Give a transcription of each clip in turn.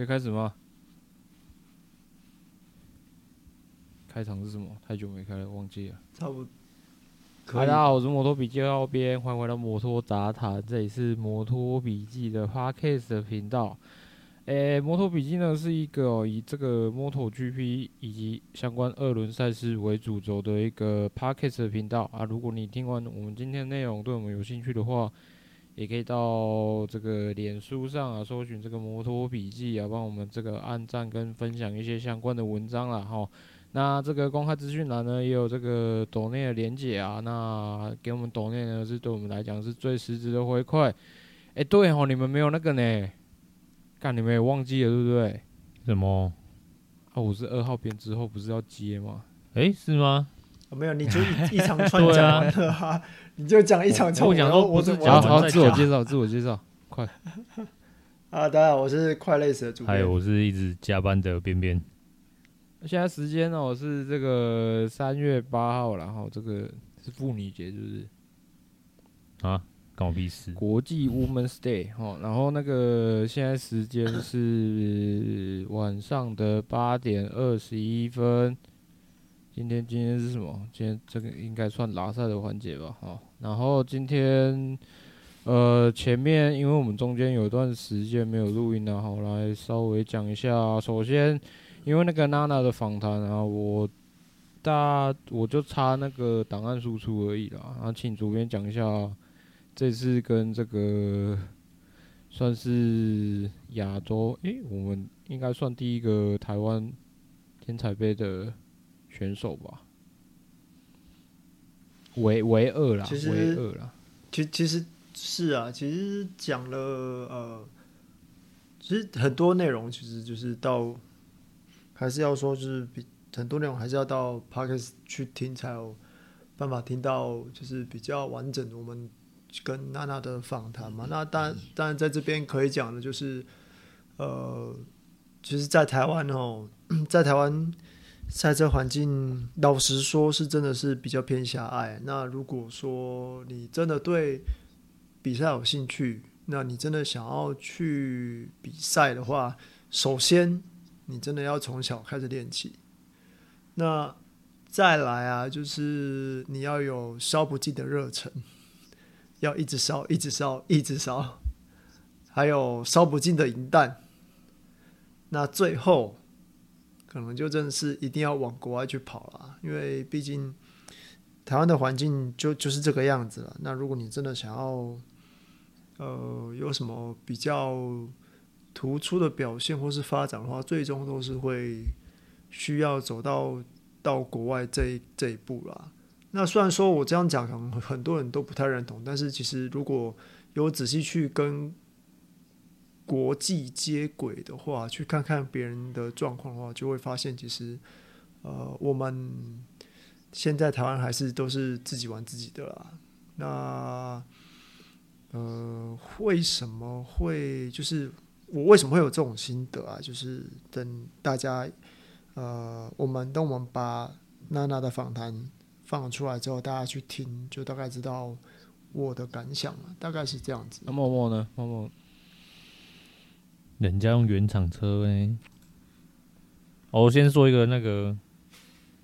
可以開始嗎？開場是什麼？太久沒開了，忘記了。差不多。大家好，我是摩托筆記那邊，歡迎回到摩托雜談，這裡是摩托筆記的 podcast 的頻道。誒、欸，摩托筆記呢是一個、哦、以這個 MotoGP 以及相關二輪賽事為主軸的一個 podcast 的頻道啊。如果你聽完我們今天的內容，對我們有興趣的話，也可以到這個臉書上啊，搜尋這個摩托筆記啊，幫我們這個按讚跟分享一些相關的文章啦，哈。那這個公開資訊欄呢，也有這個抖內的連結啊，那給我們抖內呢，是，對我們來講是最實質的回饋。哎、欸，對哦，你們沒有那個呢？看你們也忘記了，對不對？什麼？啊、哦，五十二號編之後不是要接嗎？誒、欸，是嗎？沒有，你就一,一場串講哈， 對啊、 你就講一場串講。我我我我，就好好自、我 自我介紹，自我介紹， 快。啊，好的，我是快累死的主播。還有，我是一直加班的邊邊。現在時間哦，是這個三月八號，然後這個是婦女節，就是？啊，搞屁事！國際 Women's Day 哦、嗯，然後那個現在時間是晚上的八點二十一分。 今天今天是什麼？今天這個應該算喇賽的環節吧。好，然後今天呃前面，因為我們中間有一段時間沒有錄音了好，好來稍微講一下。首先，因為那個娜娜的訪談啊，我大我就差那個檔案輸出而已啦。啊，請主編講一下，這次跟這個算是亞洲誒、欸，我們應該算第一個台灣天才杯的。選手吧，唯唯二啦，唯二啦。其其實是啊，其實講了呃，其實很多內容其實就是到，還是要說就是比很多內容還是要到 podcast 去聽才有辦法聽到，就是比較完整的。我們跟娜娜的訪談嘛，嗯、那但當然在這邊可以講的就是，呃，其實，在台灣哦，在台灣。賽車環境，老實說，是真的是比較偏狹隘。那如果說你真的對比賽有興趣，那你真的想要去比賽的話，首先你真的要從小開始練起。那再來啊，就是你要有燒不盡的熱忱，要一直燒，一直燒，一直燒。還有燒不盡的銀彈。那最後。可能就真的是一定要往國外去跑了，因為畢竟台灣的環境就就是這個樣子了。那如果你真的想要，呃，有什麼比較突出的表現或是發展的話，最終都是會需要走到到國外這一這一步了。那雖然說我這樣講，可能很多人都不太認同，但是其實如果有仔細去跟，國際接軌的話，去看看別人的狀況的話，就會發現其實，呃，我們現在台灣還是都是自己玩自己的啦。那，呃，為什麼會就是我為什麼會有這種心得啊？就是等大家，呃，我們等我們把娜娜的訪談放出來之後，大家去聽，就大概知道我的感想了。大概是這樣子。那默默呢？默、啊、默。啊啊啊人家用原廠車哎、欸哦，我先說一個那個，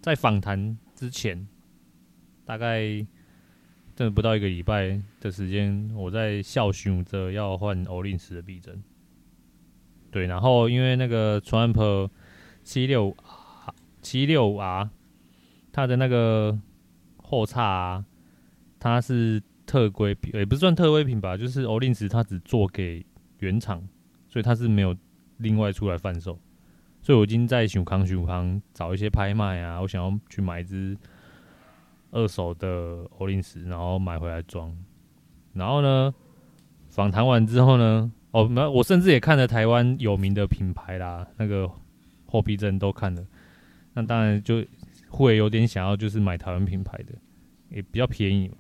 在訪談之前，大概這不到一個禮拜的時間，我在校訓着要換歐林斯的避震。對，然後因為那個 Triumph 七六七六 R，它的那個後叉、啊，它是特規品，也、欸、不是算特規品吧，就是歐林斯它只做給原廠。所以他是沒有另外出來販售，所以我已經在徐福康、徐福康找一些拍賣啊，我想要去買一只二手的歐林斯，然後買回來裝。然後呢，訪談完之後呢，哦，沒有，我甚至也看了台灣有名的品牌啦，那個貨幣證都看了，那當然就會有點想要就是買台灣品牌的，也比較便宜嘛。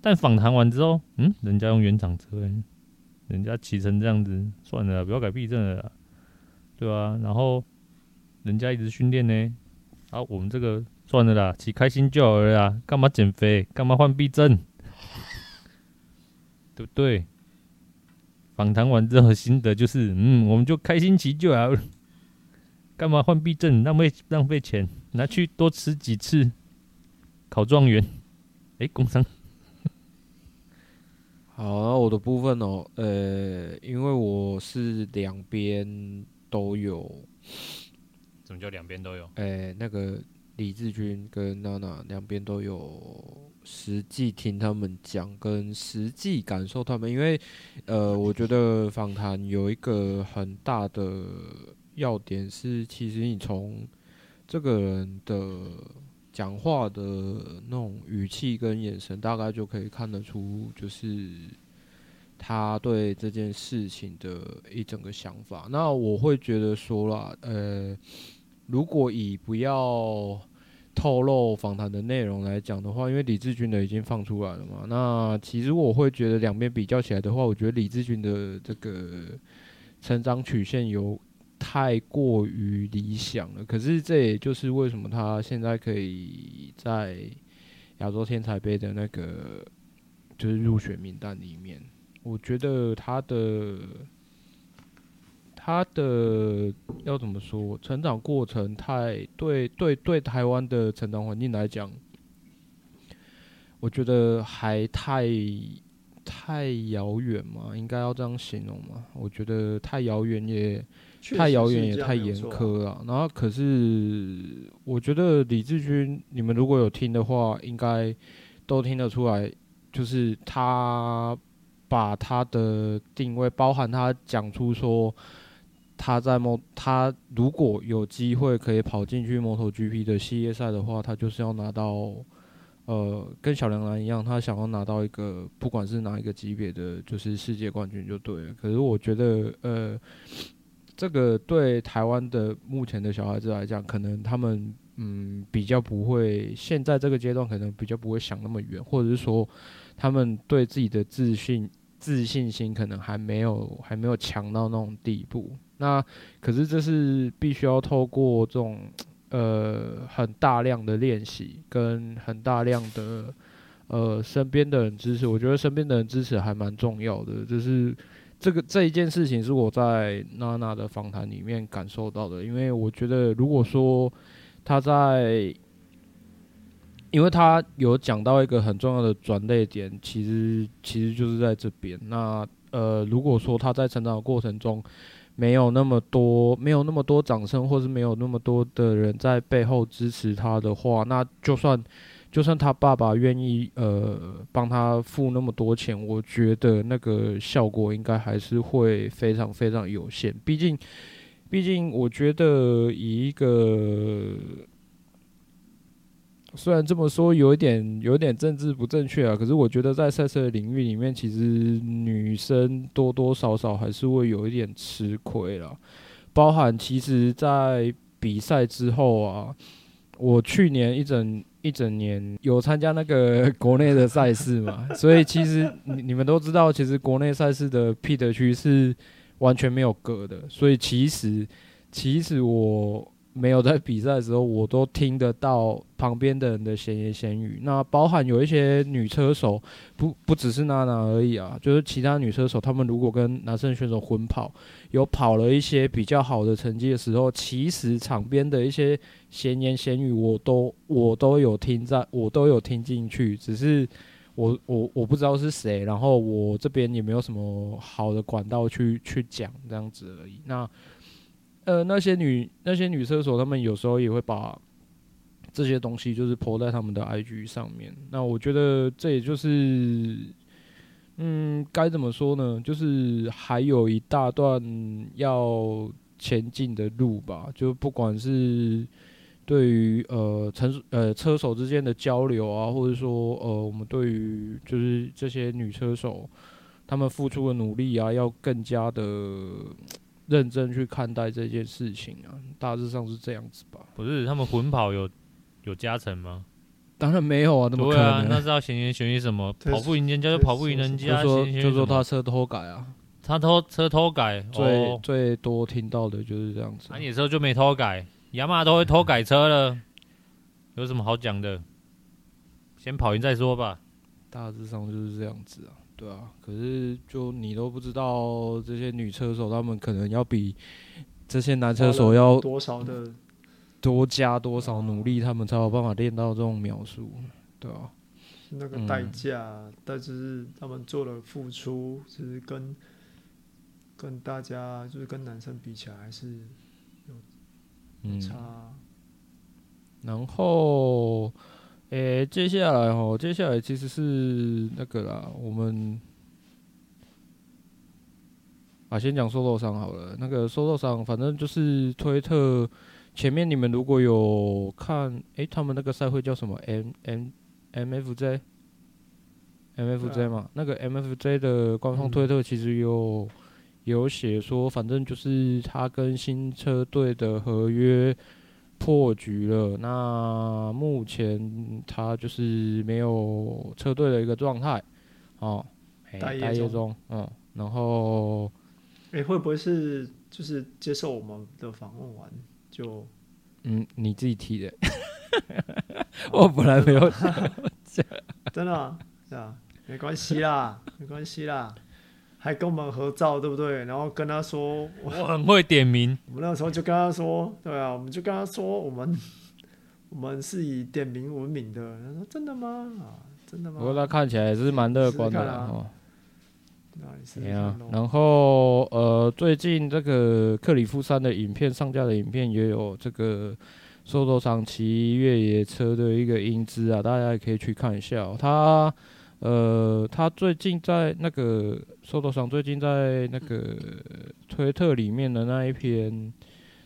但訪談完之後，嗯，人家用原廠車欸人家騎成這樣子，算了，不要改避震了，對啊。然後人家一直訓練呢，啊，我們這個算了啦，騎開心就好了啦，幹嘛減肥？幹嘛換避震？ 對不對？訪談完之後的心得就是，嗯，我們就開心騎就好了，幹嘛換避震？浪費浪費錢，拿去多吃幾次，考狀元。欸，工商。好，那我的部分哦，呃、欸，因為我是兩邊都有，怎麼叫兩邊都有？誒、欸，那個李志軍跟娜娜兩邊都有，實際聽他們講跟實際感受他們，因為，呃，我覺得訪談有一個很大的要點是，其實你從這個人的。講話的那種語氣跟眼神，大概就可以看得出，就是他對這件事情的一整個想法。那我會覺得說啦，呃，如果以不要透露訪談的內容來講的話，因為李志軍的已經放出來了嘛。那其實我會覺得兩邊比較起來的話，我覺得李志軍的這個成長曲線有。太過於理想了，可是這也就是為什麼他現在可以在亞洲天才杯的那個就是入選名單裡面。嗯、我覺得他的他的要怎麼說，成長過程太對對對台灣的成長環境來講，我覺得還太太遙遠嘛，應該要這樣形容嘛。我覺得太遙遠也太遙遠也太嚴苛了，啊，啊、然後可是我覺得李志軍，你們如果有聽的話，應該都聽得出來，就是他把他的定位包含他講出說他在摩他如果有機會可以跑進去摩托 GP 的系列賽的話，他就是要拿到呃跟小梁蘭一樣，他想要拿到一個不管是哪一個級別的就是世界冠軍就對了。可是我覺得呃。這個對台灣的目前的小孩子來講，可能他們嗯比較不會，現在這個階段可能比較不會想那麼遠，或者是說他們對自己的自信自信心可能還沒有還沒有強到那種地步。那可是這是必須要透過這種呃很大量的練習跟很大量的呃身邊的人支持，我覺得身邊的人支持還蠻重要的，就是。這個這一件事情是我在娜娜的訪談裡面感受到的，因為我覺得，如果說她在，因為她有講到一個很重要的轉折點，其實其實就是在這邊。那呃，如果說她在成長的過程中沒有那麼多、沒有那麼多掌聲，或是沒有那麼多的人在背後支持她的話，那就算。就算他爸爸願意呃幫他付那麼多錢，我覺得那個效果應該還是會非常非常有限。畢竟，畢竟我覺得以一個雖然這麼說有一點有一點政治不正確啊，可是我覺得在賽車的領域裡面，其實女生多多少少還是會有一點吃虧了，包含其實在比賽之後啊。我去年一整一整年有參加那個國內的賽事嘛， 所以其實你你們都知道，其實國內賽事的 Pit 區是完全沒有隔的，所以其實其實我。沒有在比賽的時候，我都聽得到旁邊的人的閒言閒語。那包含有一些女車手，不不只是娜娜而已啊，就是其他女車手，她們如果跟男生選手混跑，有跑了一些比較好的成績的時候，其實場邊的一些閒言閒語，我都我都有聽在，我都有聽進去，只是我我我不知道是誰，然後我這邊也沒有什麼好的管道去去講這樣子而已。那。呃，那些女那些女車手，她們有時候也會把這些東西就是 po 在她們的 IG 上面。那我覺得這也就是，嗯，該怎麼說呢？就是還有一大段要前進的路吧。就不管是對於呃成呃車手之間的交流啊，或者說呃我們對於就是這些女車手她們付出的努力啊，要更加的。認真去看待這件事情啊，大致上是這樣子吧。不是他們混跑有有加成嗎？當然沒有啊，那麼可能啊，那是要選一選一什麼跑步贏人家就跑步贏人家，就、啊、說就說他車偷改啊，他偷車偷改，最、哦、最多聽到的就是這樣子、啊。啊、你車就沒偷改，雅馬都會偷改車了，嗯、有什麼好講的？先跑贏再說吧，大致上就是這樣子啊。對啊，可是就你都不知道這些女車手，她們可能要比這些男車手要多少的、嗯、多加多少努力，她們才有辦法練到這種描述，對啊。是那個代價、嗯，但是他們做的付出，其實就是跟跟大家就是跟男生比起來還是有有差、啊嗯。然後。誒、欸，接下來哦，接下來其實是那個啦，我們啊，先講 Solo 商好了。那個 Solo 商，反正就是推特前面你們如果有看，誒、欸，他們那個賽會叫什麼？M M M F J M F J 嘛、啊？那個 M F J 的官方推特其實有、嗯、有寫說，反正就是他跟新車隊的合約。破局了，那目前他就是沒有車隊的一個狀態，哦，待、欸、待業中，待業中，嗯，然後，哎、欸，會不會是就是接受我們的訪問完就，嗯，你自己提的， 啊、我本來沒有， 真的嗎？ 真的是啊，沒關係啦，沒關係啦。還跟我們合照，對不對？然後跟他說，我很會點名。 我們那時候就跟他說，對啊，我們就跟他說，我們我們是以點名聞名的。他說真的嗎？啊，真的嗎？不過他看起來還是蠻樂觀的試試、啊、哦、啊。然後呃，最近這個克里夫山的影片上架的影片也有這個說，鬥長騎越野車的一個英姿啊，大家也可以去看一下、哦、他。呃，他最近在那個，受到傷，最近在那個推特裡面的那一篇，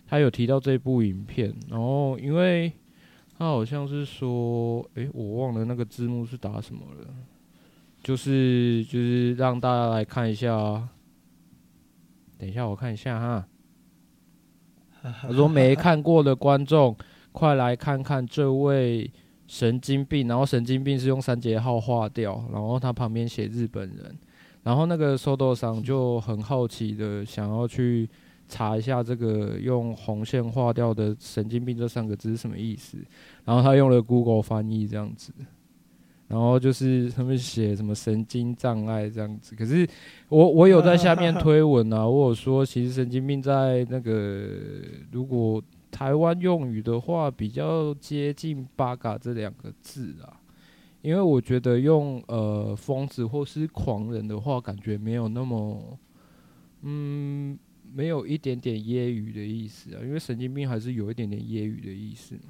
他有提到這部影片，然後因為他好像是說，哎，我忘了那個字幕是打什麼了，就是就是讓大家來看一下啊，等一下我看一下哈，他 說沒看過的觀眾， 快來看看這位。神經病，然後神經病是用三節號劃掉，然後他旁邊寫日本人，然後那個受斗上就很好奇的想要去查一下這個用紅線劃掉的神經病這三個字是什麼意思，然後他用了 Google 翻譯這樣子，然後就是他們寫什麼神經障礙這樣子，可是我我有在下面推文啊，我有說其實神經病在那個如果。台灣用語的話，比較接近“八嘎”這兩個字啊，因為我覺得用呃“瘋子”或是“狂人”的話，感覺沒有那麼，嗯，沒有一點點揶揄的意思啊。因為神經病還是有一點點揶揄的意思嘛。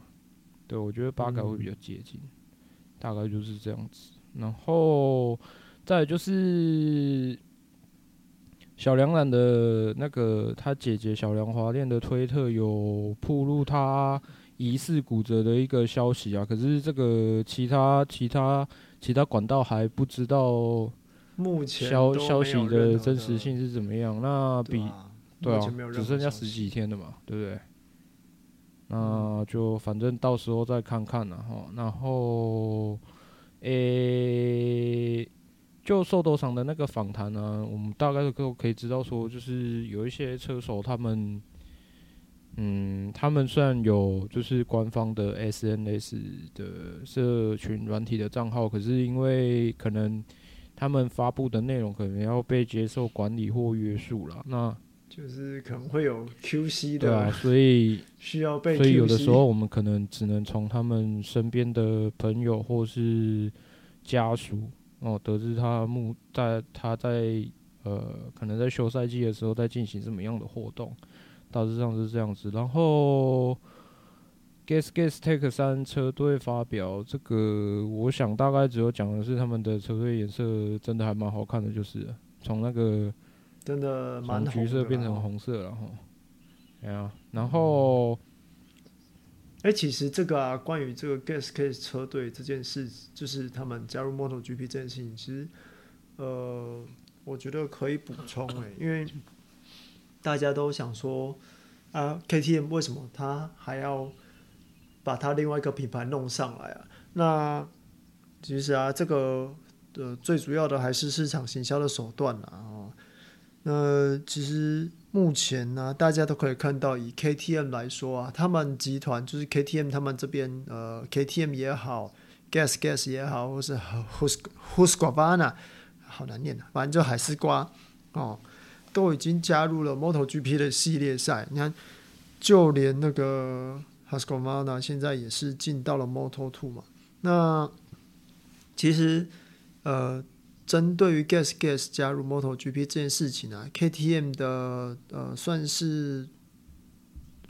對，我覺得“八嘎”會比較接近，嗯，大概就是這樣子。然後再就是。小椋藍的那個，他姐姐小椋華戀的推特有曝露他疑似骨折的一個消息啊，可是這個其他其他其他管道還不知道，目前消消息的真實性是怎麼樣？那比對啊，對啊，對啊，只剩下十幾天了嘛，對不對？那就反正到時候再看看了、啊、哈，然後誒。欸就受托廠的那個訪談呢、啊，我們大概都可以知道說，就是有一些車手他們，嗯，他們雖然有就是官方的 SNS 的社群軟體的賬號，可是因為可能他們發布的內容可能要被接受管理或約束了，那就是可能會有 QC 的，對啊，所以需要被，所以有的時候我們可能只能從他們身邊的朋友或是家屬。哦，得知他目在他在呃，可能在休賽季的時候在進行什麼樣的活動，大致上是這樣子。然後，GasGas Tech3 車隊發表這個，我想大概只有講的是他們的車隊顏色真的還蠻好看的，就是從那個真的蠻、啊、橘色變成紅色、啊，然後，然後。哎、欸，其實這個啊，關於這個 Gas Gas 車隊這件事，就是他們加入 Moto GP 這件事情，其實，呃，我覺得可以補充哎、欸，因為大家都想說啊，KTM 為什麼他還要把他另外一個品牌弄上來啊？那其實啊，這個呃，最主要的還是市場行銷的手段啊。哦、那其實。目前呢，大家都可以看到，以 KTM 來說啊，他們集團就是 KTM，他們這邊呃，KTM 也好，Gas Gas 也好，或是 Husqvarna 好難唸的、啊，反正就海絲瓜哦，都已經加入了 MotoGP 的系列賽。你看，就連那個 Husqvarna 現在也是進到了 Moto Two 嘛。那其實呃。針對於 Gas Gas 加入 Moto GP 這件事情呢、啊、KTM 的呃算是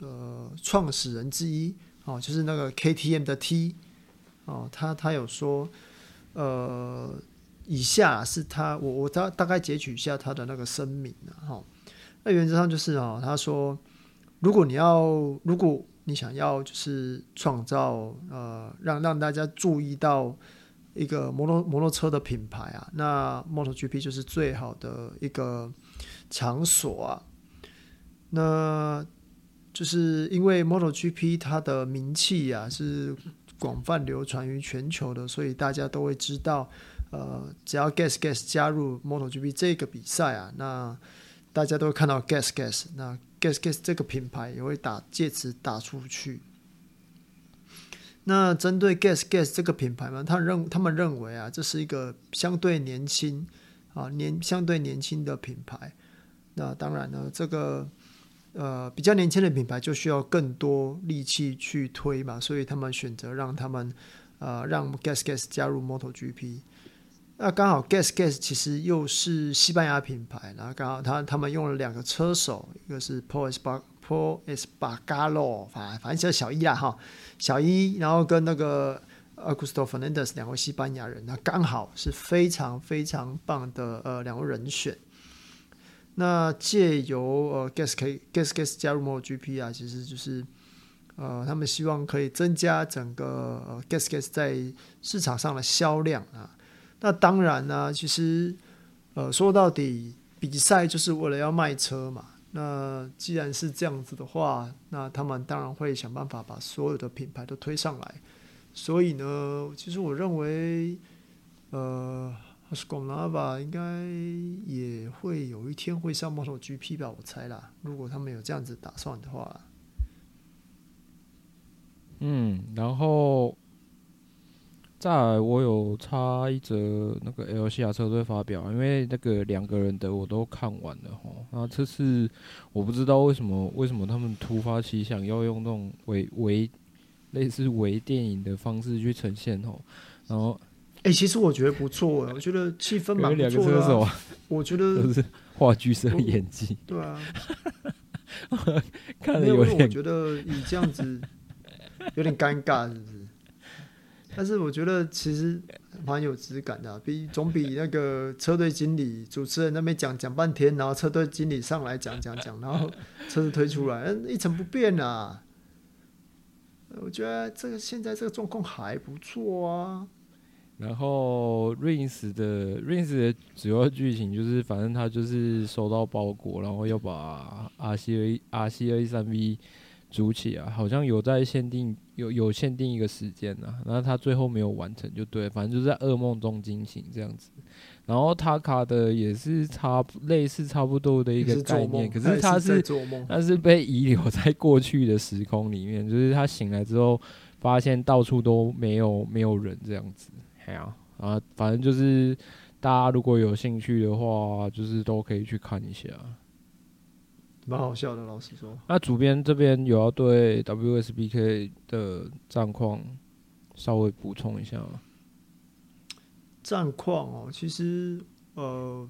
呃創始人之一哦，就是那個 KTM 的 T 哦，他他有說呃，以下是他我我大大概截取一下他的那個聲明啊哈、哦，那原則上就是啊、哦，他說，如果你要如果你想要就是創造呃讓讓大家注意到。一個摩托摩托車的品牌啊，那 MotoGP 就是最好的一個場所啊。那就是因為 MotoGP 它的名氣啊，是廣泛流傳於全球的，所以大家都會知道，呃，只要 GasGas 加入 MotoGP 這個比賽啊，那大家都會看到 GasGas，那 GasGas 這個品牌也會打，借此打出去。那針對 Gas Gas 這個品牌嘛，他認他們認為啊，這是一個相對年輕啊年相對年輕的品牌。那當然呢，這個呃比較年輕的品牌就需要更多力氣去推嘛，所以他們選擇讓他們呃讓 Gas Gas 加入 MotoGP。那剛好 Gas Gas 其實又是西班牙品牌，然後剛好他他們用了兩個車手，一個是 Pol Espargar Pol Espargaró 反反正叫小一啦哈，小一，然後跟那個 Augusto Fernandez 兩位西班牙人，那剛好是非常非常棒的呃兩位人選。那借由呃 GasGasGas 加入 MotoGP 啊，其實就是呃他們希望可以增加整個、呃、GasGas 在市場上的銷量啊。那當然呢、啊，其實呃說到底，比賽就是為了要賣車嘛。那既然是這樣子的話，那他們當然會想辦法把所有的品牌都推上來。所以呢，其實我認為，呃，Husqvarna 吧應該也會有一天會上摩托 GP 吧，我猜啦。如果他們有這樣子打算的話，嗯，然後。再來，我有插一則那個 LCR 車隊發表，因為那個兩個人的我都看完了吼。那這次我不知道為什麼，為什麼他們突發奇想要用那種微、微、類似微電影的方式去呈現吼。然後，哎、欸，其實我覺得不錯， 我覺得氣氛蠻不錯的。我覺得是話劇社演技，對啊， 看了有點，有我覺得你這樣子有點尷尬，是不是？但是我覺得其實蠻有質感的，啊，比總比那個車隊經理主持人那邊講講半天，然後車隊經理上來講講講，然後車子推出來，一成不變啊，哎。我覺得這個現在這個狀況還不錯啊。然後 Rings 的 Rings 的主要劇情就是，反正他就是收到包裹，然後要把 RC21 RC21，RC213V 組起啊，好像有在限定。有有限定一個時間、啊、然那他最後沒有完成就對，反正就是在噩夢中驚醒這樣子。然後他卡的也是差類似差不多的一個概念，就是、可是他是他是，他是被遺留在過去的時空裡面，就是他醒來之後發現到處都沒有沒有人這樣子。哎呀啊，反正就是大家如果有興趣的話，就是都可以去看一下。蠻好笑的，老實說。那主編這邊有要對 WSBK 的戰況稍微補充一下嗎？戰況哦，其實呃，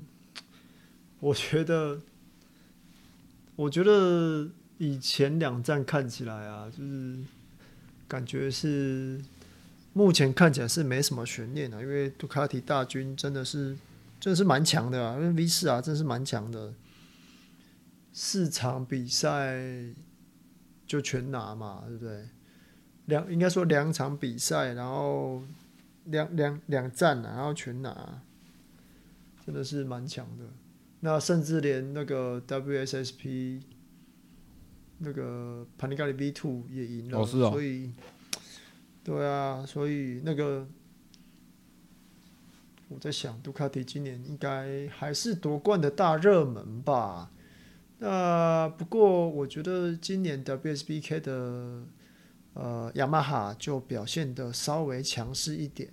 我覺得，我覺得以前兩戰看起來啊，就是感覺是目前看起來是沒什麼懸念的、啊，因為杜卡迪大軍真的是，真的是蠻強的，啊，因為 V4 啊，真的是蠻強的。四場比賽就全拿嘛，對不對？兩，應該說兩場比賽，然後兩兩兩站，然後全拿，真的是蠻強的。那甚至連那個 WSSP 那個 Panigale V Two 也贏了，哦啊，所以對啊，所以那個我在想，杜卡迪今年應該還是奪冠的大熱門吧。那、呃、不過，我覺得今年 WSBK 的呃雅馬哈就表現的稍微強勢一點，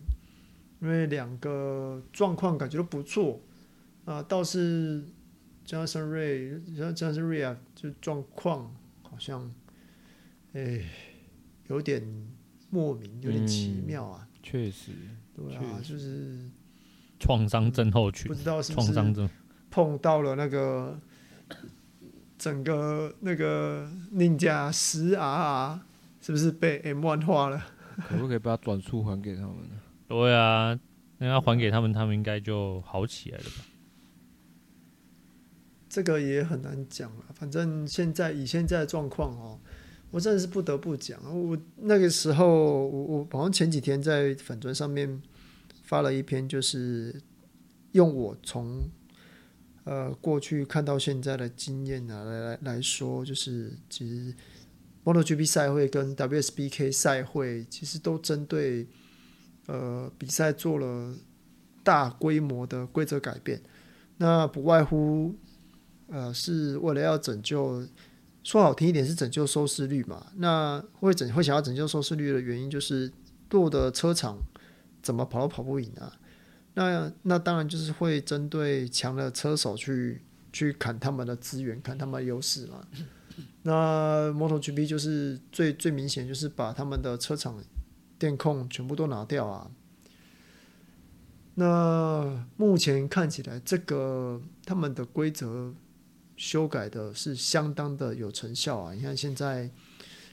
因為兩個狀況感覺都不錯啊、呃。倒是 Jonathan Rea，Jonathan Rea 啊、嗯，就狀況好像哎、欸、有點莫名，有點奇妙啊。確、嗯、實，對啊，就是創傷症候群、嗯，不知道是不是創傷症，碰到了那個。整個那個 Ninja 10 RR 是不是被 M1 化了？可不可以把轉速還給他們呢、啊？ 對啊，那要還給他們，他們應該就好起來了吧？這個也很難講了。反正現在以現在的狀況哦、喔，我真的是不得不講。我那個時候，我我好像前幾天在粉專上面發了一篇，就是用我從。呃，過去看到現在的經驗啊，來來來說，就是其實 MotoGP 賽會跟 WSBK 賽會其實都針對呃比賽做了大規模的規則改變，那不外乎呃是為了要拯救，說好聽一點是拯救收視率嘛。那會整會想要拯救收視率的原因，就是多的車廠怎麼跑都跑不贏啊。那那當然就是會針對強的車手去去砍他們的資源，砍他們的優勢嘛。那 MotoGP 就是最最明顯，就是把他們的車廠電控全部都拿掉啊。那目前看起來，這個他們的規則修改的是相當的有成效啊。你看現在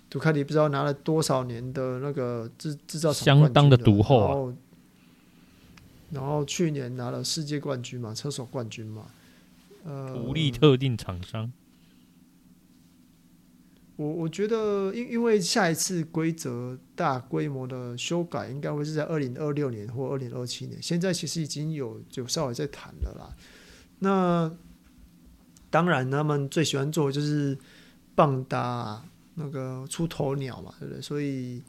杜卡迪不知道拿了多少年的那個制制造廠，相當的獨厚啊。然後去年拿了世界冠軍嘛，車手冠軍嘛，呃，獨立特定廠商。我我覺得，因因為下一次規則大規模的修改，應該會是在二零二六年或二零二七年。現在其實已經有有稍微在談了啦。那當然，他們最喜歡做的就是棒打、啊、那個出頭鳥嘛，對不對？所以。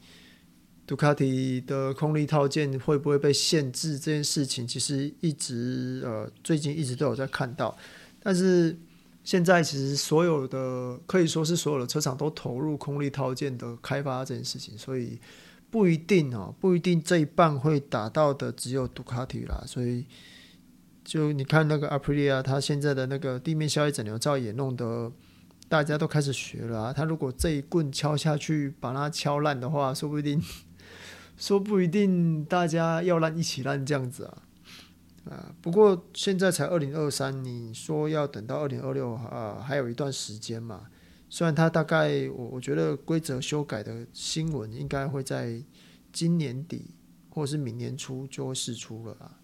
杜卡迪的空力套件會不會被限制這件事情，其實一直呃最近一直都有在看到，但是現在其實所有的可以說是所有的車廠都投入空力套件的開發這件事情，所以不一定啊、哦，不一定這一半會打到的只有杜卡迪啦。所以就你看那個阿普利亞，他現在的那個地面效應整流罩也弄得大家都開始學了啊。他如果這一棍敲下去把它敲爛的話，說不定。說不一定，大家要爛一起爛這樣子啊，啊！不過現在才二零二三，你說要等到二零二六啊，還有一段時間嘛。雖然它大概我我覺得規則修改的新聞應該會在今年底或是明年初就會釋出了啊，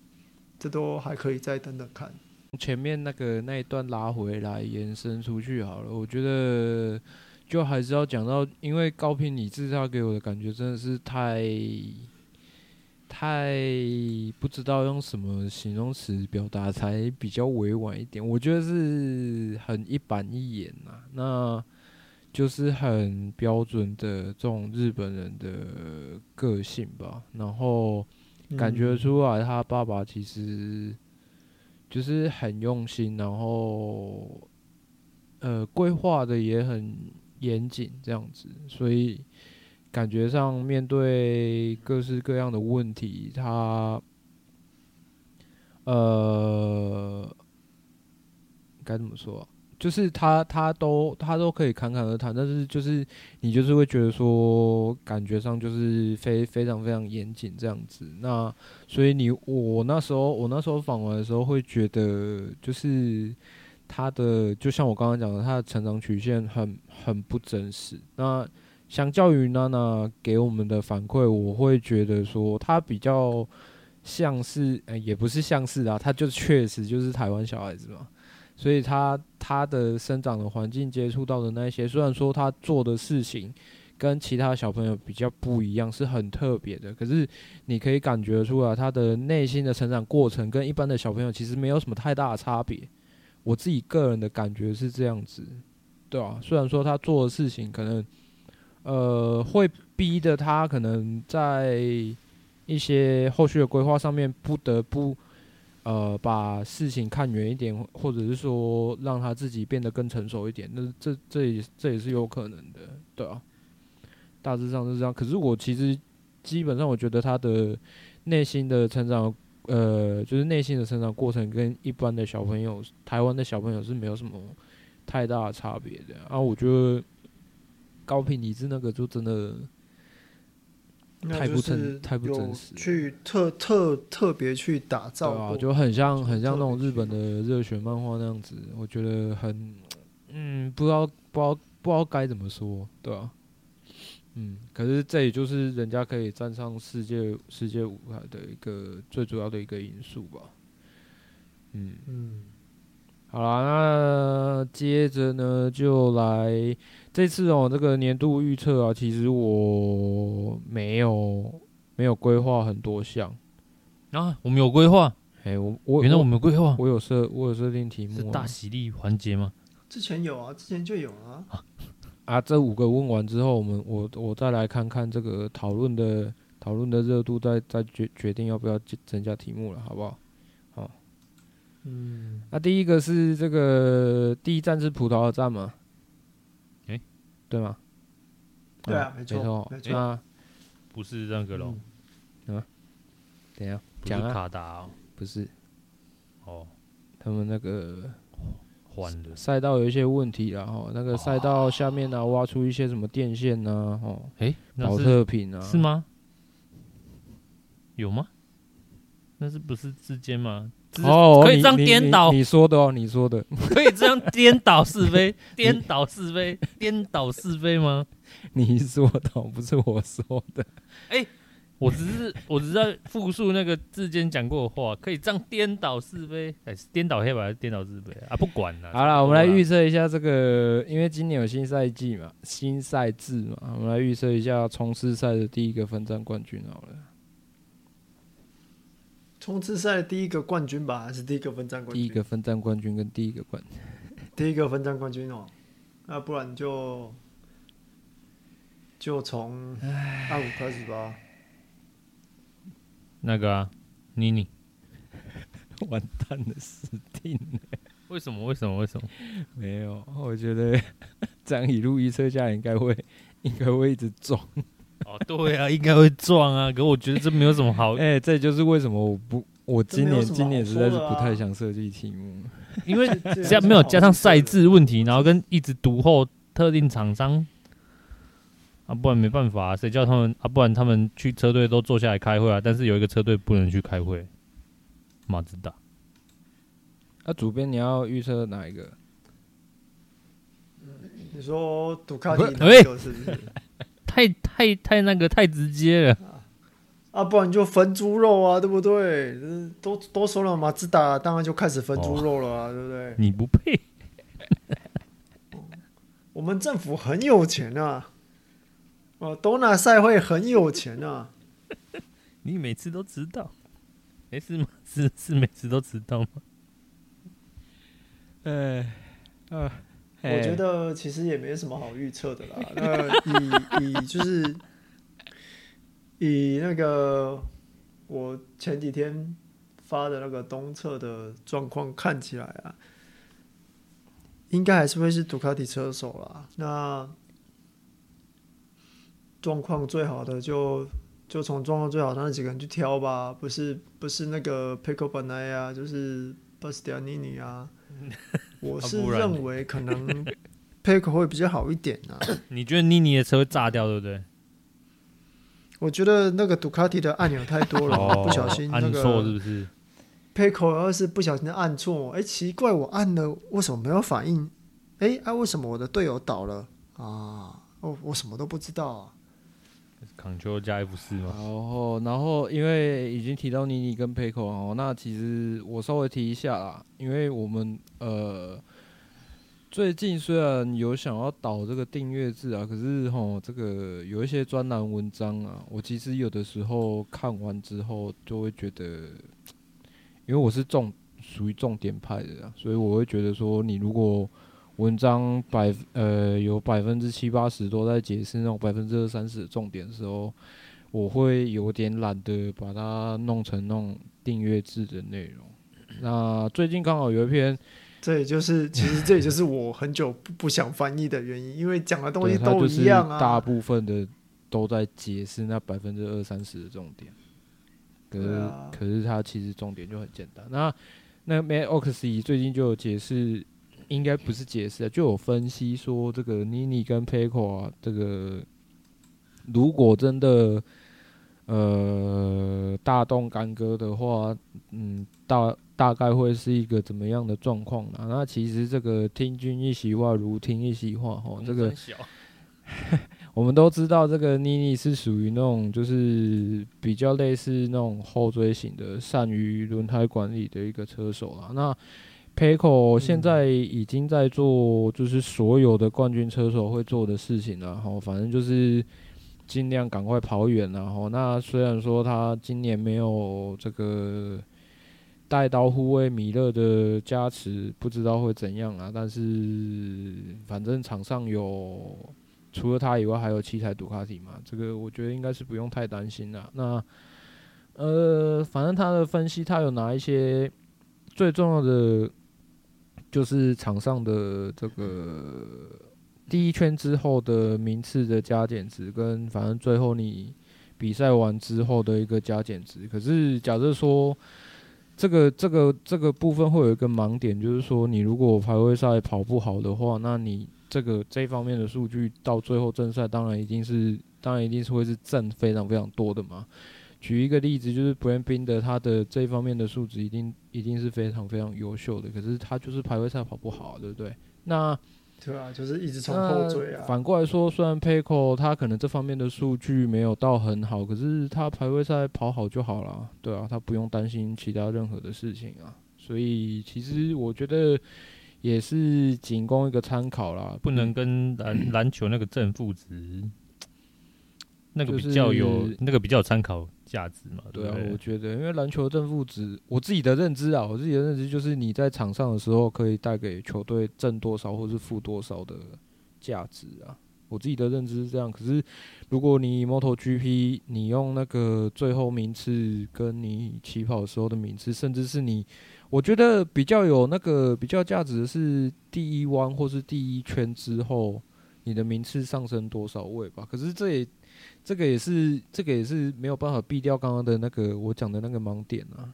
這都還可以再等等看。前面那個那一段拉回來延伸出去好了，我覺得。就還是要講到，因為高平你自他給我的感覺真的是太，太不知道用什麼形容詞表達才比較委婉一點。我覺得是很一板一眼吶、啊，那就是很標準的這種日本人的個性吧。然後感覺出來，他爸爸其實就是很用心，然後呃規劃的也很。嚴謹這樣子，所以感覺上面對各式各樣的問題，他，呃，該怎麼說啊？就是他他都他都可以侃侃而談，但是就是你就是會覺得說，感覺上就是非非常非常嚴謹這樣子。那所以你我那時候我那時候訪問的時候，會覺得就是。他的就像我剛剛講的，他的成長曲線很很不真實。那相較於娜娜給我們的反饋，我會覺得說他比較像是，欸，也不是像是啊，他就確實就是台灣小孩子嘛。所以他他的生長的環境接觸到的那一些，雖然說他做的事情跟其他小朋友比較不一樣，是很特別的。可是你可以感覺出來，他的內心的成長過程跟一般的小朋友其實沒有什麼太大的差別。我自己個人的感覺是這樣子，對啊？雖然說他做的事情可能，呃，會逼得他可能在一些後續的規劃上面不得不，呃，把事情看遠一點，或者是說讓他自己變得更成熟一點，那這這也這也是有可能的，對啊？大致上是這樣。可是我其實基本上，我覺得他的內心的成長。呃，就是內心的成長過程跟一般的小朋友，台灣的小朋友是沒有什麼太大的差別的啊。啊，我覺得高品理智那個就真的太不真，太不真實，去特特特別去打造，啊，就很像很像那種日本的熱血漫畫那樣子。我覺得很，嗯，不知道，不知道不知道該怎麼說，對吧，啊？嗯，可是這也就是人家可以站上世界世界舞台的一個最主要的一個因素吧。嗯嗯，好啦，那接着呢，就來這次哦，這個年度預測啊，其實我沒有沒有規劃很多項啊，我們有規劃、欸，我我原來我們有規劃，我有設我有設定題目，是大喜利環節嗎？之前有啊，之前就有啊。啊啊，這五個問完之後，我們我我再來看看這個討論的討論的熱度，再再決決定要不要增加題目了，好不好？好，嗯。那、啊、第一個是這個第一站是葡萄牙站嗎、欸，對嗎？對啊，啊沒錯沒錯啊，不是那個龍，嗯，啊、等下，講、哦。卡達、啊，不是，哦，他們那個。賽道有一些問題，然後那個賽道下面呢、啊、挖出一些什麼電線呢、啊？哦、喔，誒、欸，寶特瓶啊是，是嗎？有嗎？那是不是之間嗎？哦，哦，可以這樣顛倒你你你，你說的哦、啊，你說的，可以這樣顛倒是非，顛倒是非，顛倒，倒是非嗎？你說的不是我說的，欸 我只是我只是在複述那個之間講過的話，可以這樣顛倒是非，哎、欸，是顛倒黑白還是顛倒是非啊？不管了。好了，我們來預測一下這個，因為今年有新賽季嘛，新賽制嘛，我們來預測一下衝刺賽的第一個分站冠軍好了。衝刺賽的第一個冠軍吧，還是第一個分站冠軍？第一個分站冠軍跟第一個冠軍。 第一個分站冠軍哦。那不然就就從哎二五開始吧。那個啊，妮妮，完蛋了，死定了！為什麼？為什麼？為什麼？沒有，我覺得這樣一路一車架應該會，應該會一直撞。哦，對啊，應該會撞啊。 可是我覺得這沒有什麼好、欸。哎，這就是為什麼我不，我今年今年實在是不太想設計題目，因為加沒有加上賽制問題，然後跟一直讀後特定廠商。啊，不然沒辦法、啊，誰叫他們啊？不然他們去車隊都坐下來開會啊。但是有一個車隊不能去開會，馬自達。啊，主編你要預測哪一個？嗯、你說杜卡迪？對，是不是？啊不哎、 太太太那個太直接了啊！啊不然你就分豬肉啊，對不對？就是、都都說了馬自達，當然就開始分豬肉了、啊哦，對不對？你不配。 我們政府很有錢啊。哦，多拿賽會很有錢啊。你每次都知道，沒事嗎？是是每次都知道嗎？呃呃，我覺得其實也沒什麼好預測的啦。那、 呃、以以就是以那個我前幾天發的那個冬測的狀況看起來啊，應該還是不會是杜卡迪車手啦。那狀況最好的就就從狀況最好的那幾個人去挑吧，不是不是那個 Pecco Bagnaia，就是 Bastianini 啊，嗯，我是認為可能 Pecco 會比較好一點啊。你覺得妮妮的車會炸掉對不對， 炸掉對不對？我覺得那個杜卡迪的按鈕太多了，不小心按錯是不是？Pecco 要是不小心按錯，哎，欸，奇怪，我按了為什麼沒有反應？哎，欸，啊，為什麼我的隊友倒了啊？哦，我什麼都不知道啊。Ctrl 加 F 四嗎？然後，然後，因為已經提到妮妮跟佩可哦，那其實我稍微提一下啦，因為我們呃，最近雖然有想要導這個訂閱制啊，可是吼，這個有一些專欄文章啊，我其實有的時候看完之後就會覺得，因為我是重屬於重點派的啊，所以我會覺得說，你如果文章百呃有百分之七八十都在解釋那種百分之二三十的重點的時候，我會有點懶得把它弄成那種訂閱制的內容。那最近剛好有一篇，這也就是其實這也就是我很久不 不想翻譯的原因，因為講的東西都一樣啊。大部分的都在解釋那百分之二三十的重點，可是、啊、可是它其實重點就很簡單。那那 Mat Oxley 最近就有解釋。應該不是解釋啊，就有分析說這個妮妮跟佩克啊，這個如果真的呃大動干戈的話，嗯，大大概會是一個怎麼樣的狀況呢？那其實這個聽君一席話，如聽一席話齁哦，這個 我們都知道，這個妮妮是屬於那種就是比較類似那種後追型的，善於輪胎管理的一個車手啊。那 Peco、嗯、現在已經在做，就是所有的冠軍車手會做的事情了、啊。然後反正就是盡量趕快跑遠、啊。然後那雖然說他今年沒有這個帶刀護衛米勒的加持，不知道會怎樣啊。但是反正場上有除了他以外還有七台杜卡迪嘛，這個我覺得應該是不用太擔心了、啊。那呃，反正他的分析，他有哪一些最重要的？就是場上的這個第一圈之後的名次的加減值，跟反正最後你比賽完之後的一個加減值。可是，假設說這個這個這個部分會有一個盲點，就是說你如果排位賽跑不好的話，那你這個這方面的數據到最後正賽，當然一定是當然一定是會是正非常非常多的嘛。舉一個例子，就是布蘭賓德，他的這一方面的素質，一定一定是非常非常優秀的，可是他就是排位賽跑不好、啊，對不對？那對啊，就是一直從後追啊。反過來說，雖然 Paco 他可能這方面的數據沒有到很好，嗯、可是他排位賽跑好就好了，對啊，他不用擔心其他任何的事情啊。所以其實我覺得也是僅供一個參考啦，不能跟籃 籃球那個正負值。那個比較有，就是、那個比較有參考價值嘛對？對啊，我覺得，因為籃球正負值，我自己的認知啊，我自己的認知就是你在場上的時候可以帶給球隊正多少或是負多少的價值啊。我自己的認知是這樣。可是如果你 MotoGP，你用那個最後名次，跟你起跑的時候的名次，甚至是你，我覺得比較有那個比較價值的是第一彎或是第一圈之後你的名次上升多少位吧。可是這也這個也是，這個也是沒有辦法避掉剛剛的那個我講的那個盲點啊，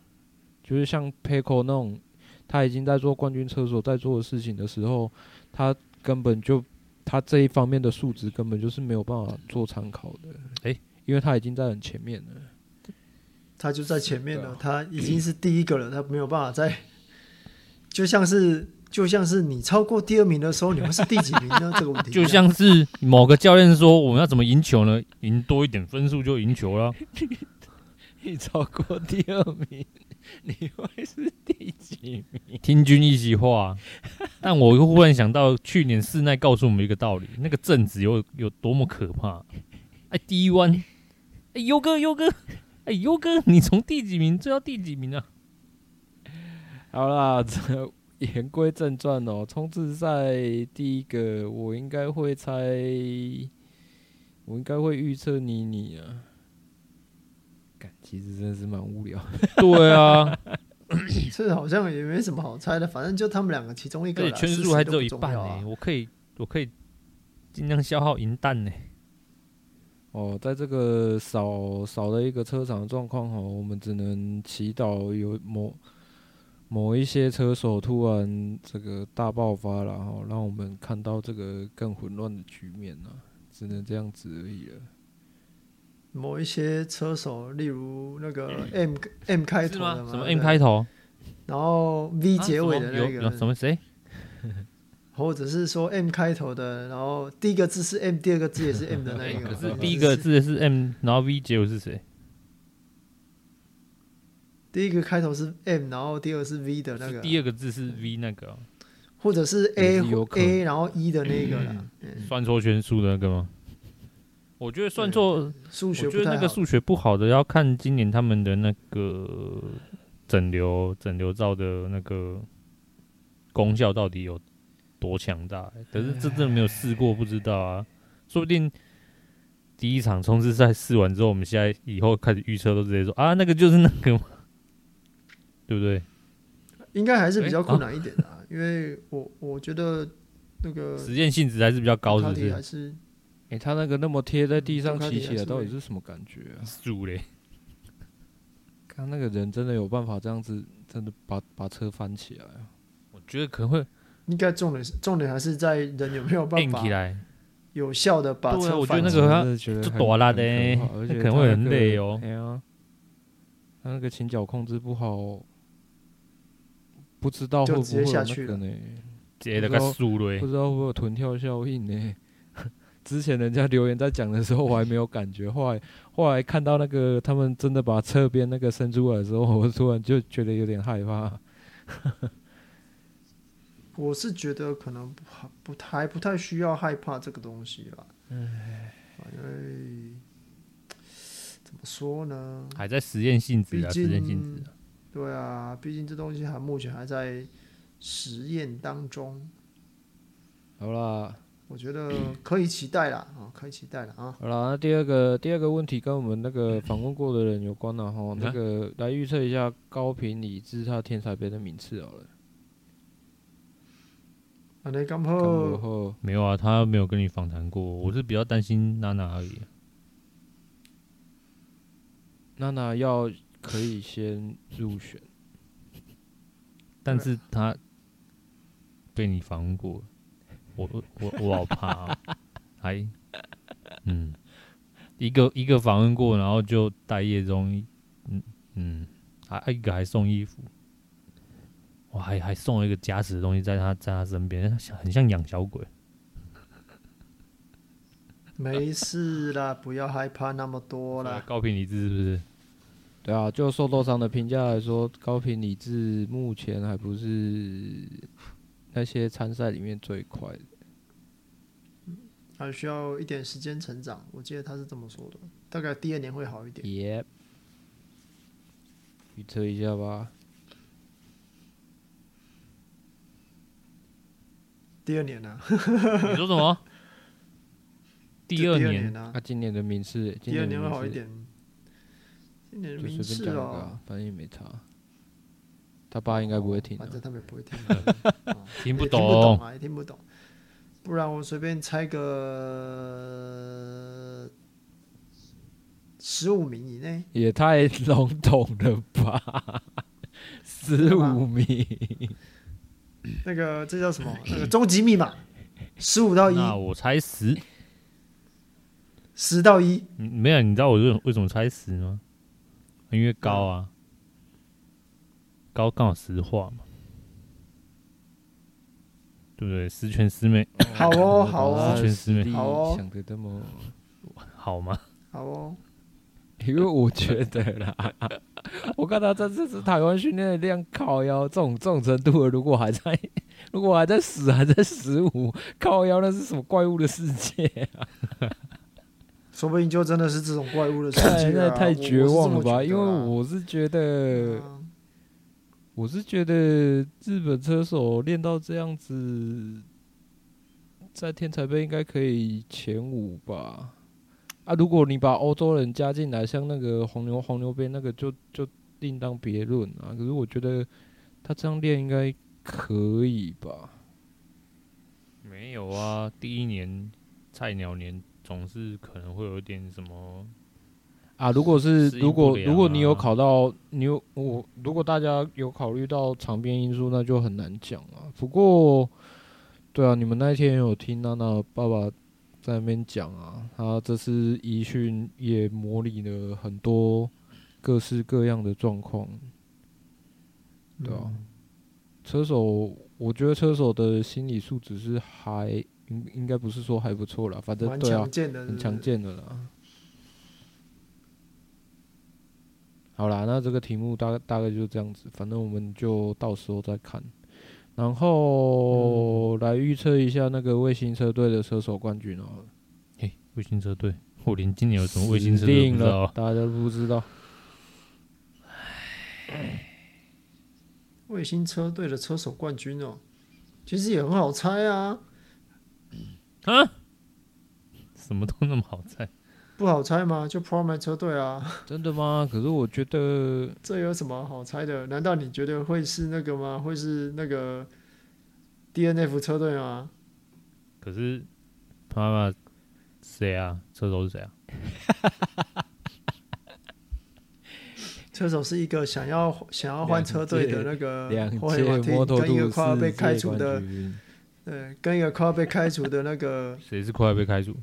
就是像 Pecco 那種，他已經在做冠軍車手在做的事情的時候，他根本就他這一方面的數值，根本就是沒有辦法做參考的，哎，因為他已經在很前面了，他就在前面了，這個啊、他已經是第一個了，他沒有辦法再，就像是。就像是你超過第二名的時候，你會是第幾名呢？這個問題、啊、就像是某個教練說：“我們要怎麼贏球呢？贏多一點分數就贏球了。 ”你超過第二名，你會是第幾名？聽君一席話，但我又忽然想到去年世奈告訴我們一個道理：那個鎮子有有多麼可怕？哎，第一彎，哎，優哥，優哥，哎，優哥，你從第幾名追到第幾名呢、啊？好了，這。言歸正傳哦，衝刺賽第一個我應該會猜，我應該會預測你你啊。感其實真的是蠻無聊。 對啊，這好像也沒什麼好猜的，反正就他們兩個其中一個，對，圈數還只有一半哎、欸嗯，我可以，我可以盡量消耗銀彈呢。哦，在這個少少了一個車場的狀況下，我們只能祈禱有某。某一些車手突然這個大爆發，哦，然後讓我們看到這個更混亂的局面呢，啊，只能這樣子而已了。某一些車手，例如那個 M、嗯、M 開頭什麼 M 開頭？然後 V 結尾的那個？啊，什麼誰？麼 或者是說 M 開頭的，然後第一個字是 M，第二個字也是 M 的那一個？嗯 M、可是第一個字是 M，然後 V 結尾是誰？第一個開頭是 M，然後第二是 V 的那個。第二個字是 V 那個，啊，或者是 A 者 A, A，然後一、E、的那個啦。嗯嗯、算錯圈數的那個嗎？我覺得算錯數學不好，我覺得那個數學不好的要看今年他們的那個整流整流罩的那個功效到底有多強大，欸。可是真的沒有試過，不知道啊。唉唉唉唉唉說不定第一場衝刺賽試完之後，我們現在以後開始預測都直接說啊，那個就是那個。對不對？應該還是比較困難一點的、啊欸啊，因為我我覺得那個實踐性質還是比較高，的。是？哎，欸，他那個那麼貼在地上騎起來，到底是什麼感覺啊？嗯、剛剛那個人真的有辦法這樣子，真的把把車翻起來、啊。我覺得可能會，應該重點重點還是在人有沒有辦法起來，有效的把車翻起來、啊。我覺得那個就躲了的，而且、那個欸、可能會很累哦、喔。他那個傾角控制不好、哦。不知道會不會呢？接着該輸了。不知道會不會有臀跳效應呢。 之前人家留言在講的時候，我還沒有感覺。後來，後來看到那個他們真的把側邊那個伸出來的時候，我突然就覺得有點害怕 。我是覺得可能不好，不太不，不太需要害怕這個東西了。唉，因為怎麼說呢？還在實驗性質啊，實驗性質。對啊，畢竟這東西還目前還在實驗當中。好啦，我覺得可以期待了啊。嗯，可以期待了啊。好啦，那第二個第二個問題跟我們那個訪問過的人有關了、啊、哈、嗯。那個來預測一下高頻，李志他天才杯的名次好了。啊，你剛好，好。沒有啊，他沒有跟你訪談過。我是比較擔心娜娜而已、啊。娜娜要。可以先入選， 但是他被你訪問過，我我我好怕啊、喔！還 嗯，一個一個訪問過，然後就待業中，嗯還、嗯啊、一個還送衣服，我還還送了一個加持的東西在他在他身邊，很像養小鬼。 沒事啦，不要害怕那麼多啦。高頻你職是不是？對啊，就受多傷的評價來說，高品理智目前還不是那些參賽裡面最快的，還需要一點時間成長。我記得他是這麼說的，大概第二年會好一點。Yep, 預測一下吧，第二年呢、啊？ 你說什麼？ 第，二第二年啊？他、啊、今年的名次，第二年會好一點。的哦，就隨便講一個，啊，反正也沒差。他爸應該不會聽，哦，反正他們不會聽， 哦，聽不懂，不懂，啊，不懂，不然我隨便猜個十五名以內。也太籠統了吧，十五名。那個這叫什麼？那個終極密碼，十五到一。啊，我猜十，十到一。沒有，你知道我為什麼為什麼猜十嗎？因為高啊，嗯、高剛好十化嘛，對不對？十全十美，哦 哦，啊，好哦，好，十全十美，好哦。想的這麼好嗎？好哦，因為我覺得 啦， 我看到這次台灣訓練的量靠腰，這種這種程度，如果還在，如果還在十，還在十五靠腰，那是什麼怪物的世界啊？ 說不定就真的是這種怪物的世界啊！現在太絕望了吧？啊、因為我是覺得，我是覺得日本車手練到這樣子，在天才杯應該可以前五吧？啊，如果你把歐洲人加進來，像那個紅牛、紅牛杯那個，就就另當別論啊。可是我覺得他這樣練應該可以吧？沒有啊，第一年菜鳥年。總是可能會有點什麼啊，啊？如果是如果如果你有考到你有我，如果大家有考慮到場邊因素，那就很難講了，啊。不過，對啊，你們那一天有聽娜娜爸爸在那邊講啊？他這次移訓也模擬了很多各式各樣的狀況。對啊，嗯，車手，我覺得車手的心理素質是還。應應該不是說還不錯啦，反正對啊，很常見的啦。對對對。好啦，那這個題目大大概就是這樣子，反正我們就到時候再看，然後、嗯、來預測一下那個衛星車隊的車手冠軍哦、喔。嘿，衛星車隊，我連今年有什麼衛星車隊都大家都不知道、喔。哎，衛星車隊的車手冠軍哦、喔，其實也很好猜啊。啊！什麼都那麼好猜，不好猜嗎？就 Pramac 車隊啊？真的嗎？可是我覺得 這有什麼好猜的？難道你覺得會是那個嗎？會是那個 D N F 車隊嗎？可是 Pramac 誰啊？車手是誰啊？ 車手是一個想要想要換車隊的那個，跟一個快要被開除的。對，跟一個快被開除的那個。誰 是快被開除？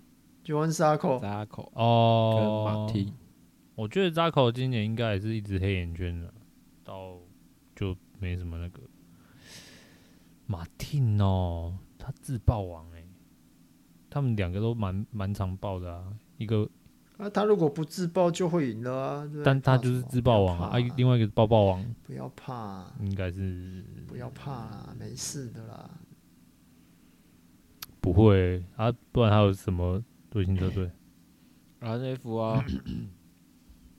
就玩扎口扎口哦。馬汀，我覺得扎口今年應該也是一直黑眼圈的、嗯，到就沒什麼那個。馬汀哦，他自爆王哎、欸。他們兩個都蠻蠻常爆的啊，一個、啊。他如果不自爆就會贏了啊對對。但他就是自爆王啊，啊，另外一個是爆爆王。不要怕。應該是。不要怕、啊，沒事的啦。不會啊，不然還有什麼衛星車隊？RNF 啊，咳咳，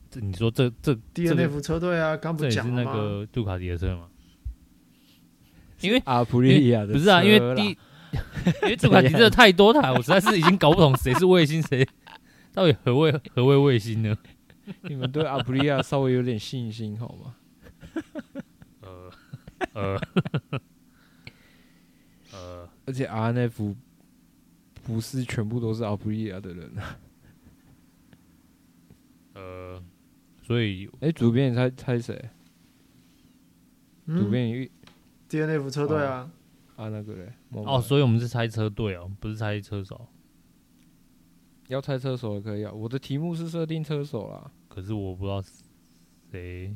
這你說這這這車隊啊，剛不講這也是那個杜卡迪的車嗎？因為阿普利亞的車不是啊，因為 D，因為杜卡迪真的太多台， 我實在是已經搞不懂誰是衛星，誰，誰 到底何謂 何謂衛、衛星呢？你們對阿普利亞稍微有點信心 好嗎？呃呃呃， 而且 RNF。不是全部都是阿普利亞的人、啊。呃，所以，哎、欸，主編你猜猜誰、嗯？主編，D N F 車隊啊啊，啊那個人哦，所以我們是猜車隊哦，不是猜車手。要猜車手也可以啊，我的題目是設定車手啦。可是我不知道誰。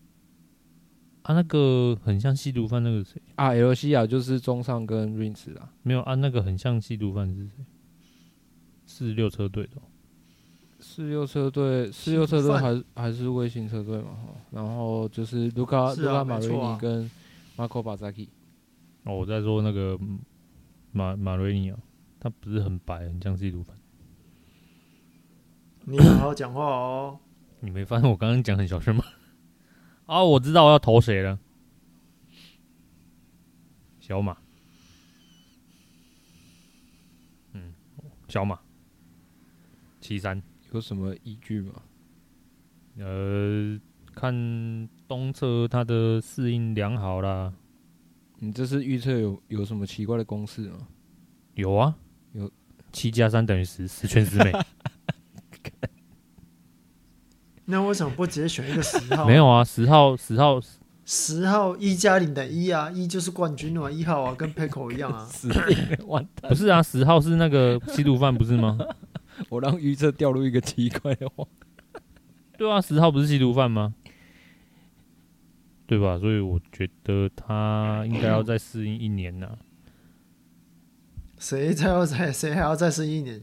啊，那個很像吸毒犯，那個誰啊？L C 啊，就是中上跟 Rins 啊。沒有啊，那個很像吸毒犯是誰？四六車隊的哦。四六車隊，四六車隊還還是衛星車隊嘛？哈，然後就是盧卡盧卡馬瑞尼跟 Marco Bezzecchi 哦，我在說那個馬馬瑞尼啊，他不是很白，很像吸毒犯。你好 好講話哦。你沒發現我剛剛講很小聲嗎？哦、啊，我知道我要投誰了，小馬，嗯，小馬七三，有什麼依據嗎？呃，看冬測，它的適應良好啦。你這是預測有有什麼奇怪的公式嗎？有啊，有七加三等於十，十全十美。 那為什麼不直接選一個十號、啊？ 沒有啊，十號，十號，十號一加零的一啊，一就是冠軍嘛、啊，一號啊，跟 Pecco 一樣啊， 不是啊，十號是那個吸毒犯不是嗎？ 我讓預測掉入一個奇怪的話，對啊，十號不是吸毒犯嗎？ 對吧？所以我覺得他應該要再適應一年吶、啊。誰再要再誰還要再適應一年？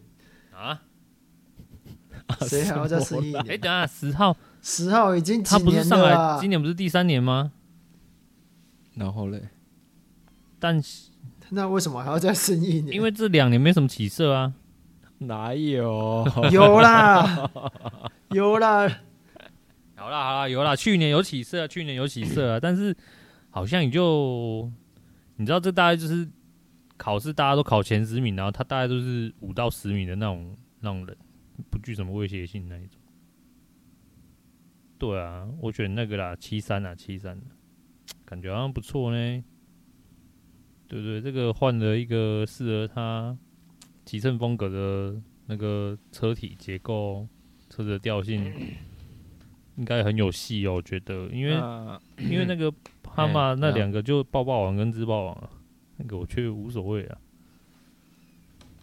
誰還要再試一年？哎、欸，等一下，十號，十號已經幾年了？他不是上來今年不是第三年嗎？然後嘞，但是那為什麼還要再試一年？因為這兩年沒什麼起色啊。哪有？ 有啦，有啦。 好啦好啦，有啦。去年有起色，啊，去年有起色，啊，但是好像你就你知道，這大概就是考試，大家都考前十名，然後他大概都是五到十名的那種那種人。不具什麼威脅性那一種，對啊，我選那個啦，七三啊，七三啊，感覺好像不錯呢。對，對對，這個換了一個適合它騎乘風格的那個車體結構，車子的調性 應該很有戲哦。我覺得，因為 因為那個他媽那兩個就爆爆王跟自爆王，那個我卻無所謂啊。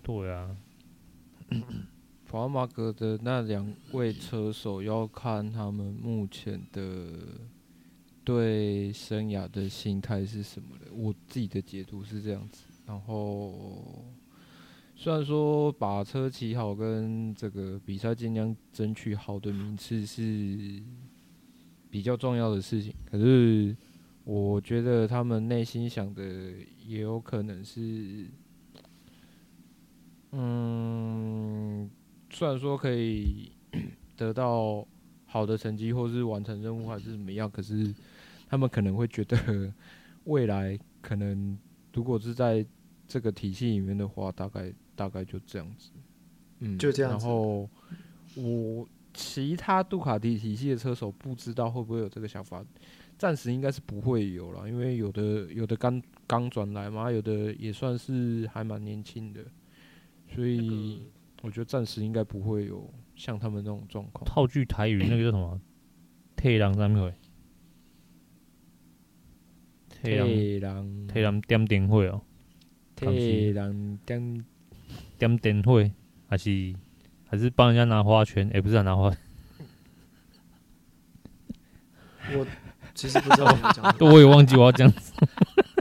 對啊。 法拉馬哥的那兩位車手，要看他們目前的對生涯的心態是什麼的。我自己的解讀是這樣子。然後，雖然說把車騎好跟這個比賽盡量爭取好的名次是比較重要的事情，可是我覺得他們內心想的也有可能是，嗯。雖然說可以得到好的成績，或是完成任務，還是怎麼樣，可是他們可能會覺得未來可能如果是在這個體系裡面的話，大概大概就這樣子，嗯，就這樣。然後我其他杜卡迪體系的車手不知道會不會有這個想法，暫時應該是不會有啦，因為有的有的剛剛轉來嘛，有的也算是還蠻年輕的，所以。那個我覺得暫時應該不會有像他們那種狀況。套句台語，那個叫什麼？提籃上面會，提籃，提籃點燈會哦。提籃點點燈會、喔、會、還是還是幫人家拿花圈？也、欸、不是、啊、拿花。我其實不知道怎麼講，我也忘記我要講。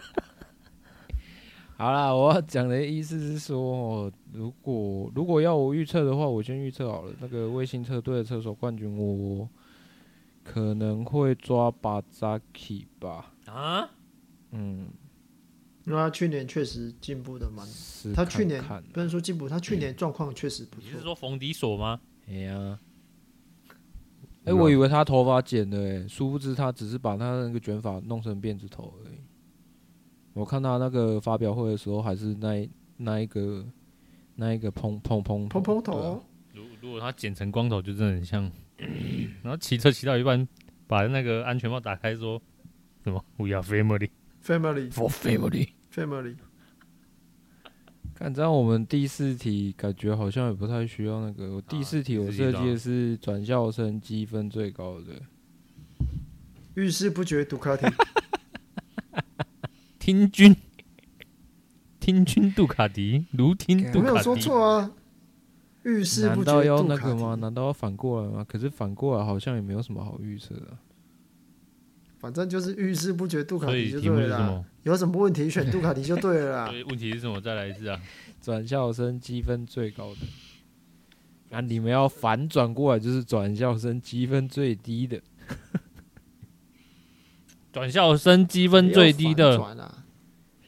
好啦，我要講的意思是說，如果如果要我預測的話，我先預測好了，那個衛星車隊的車手冠軍，我可能會抓巴扎克吧。啊？嗯，那他去年確實進步的蠻、啊、他去年不能說進步，他去年狀況確實不錯、欸。你是說馮迪索嗎？哎、欸、呀、啊，哎、嗯欸，我以為他頭髮剪了、欸，殊不知他只是把他那個捲髮弄成辮子頭我看他那個發表會的時候，還是那那一個那一個砰砰砰砰砰頭。如果如果他剪成光頭，就真的很像。嗯、咳咳然後騎車騎到一半，把那個安全帽打開說，說什麼 “We are family, family for family, family”。看，這樣我們第四題感覺好像也不太需要那個。啊、我第四題我設計的是轉校生積分最高的。遇事不決，Ducati。 聽君，聽君杜卡迪，如聽杜卡迪。卡、欸、我沒有說錯啊！遇事不覺得杜卡迪。難道要那個嗎？難道要反過來嗎？可是反過來好像也沒有什麼好預測的、啊。反正就是遇事不覺得杜卡迪就對了。有什麼問題選杜卡迪就對了 對。問題是什麼？再來一次啊！轉 校生積分最高的。那、啊、你們要反轉過來，就是轉校生積分最低的。 轉校生積分最低的，啊、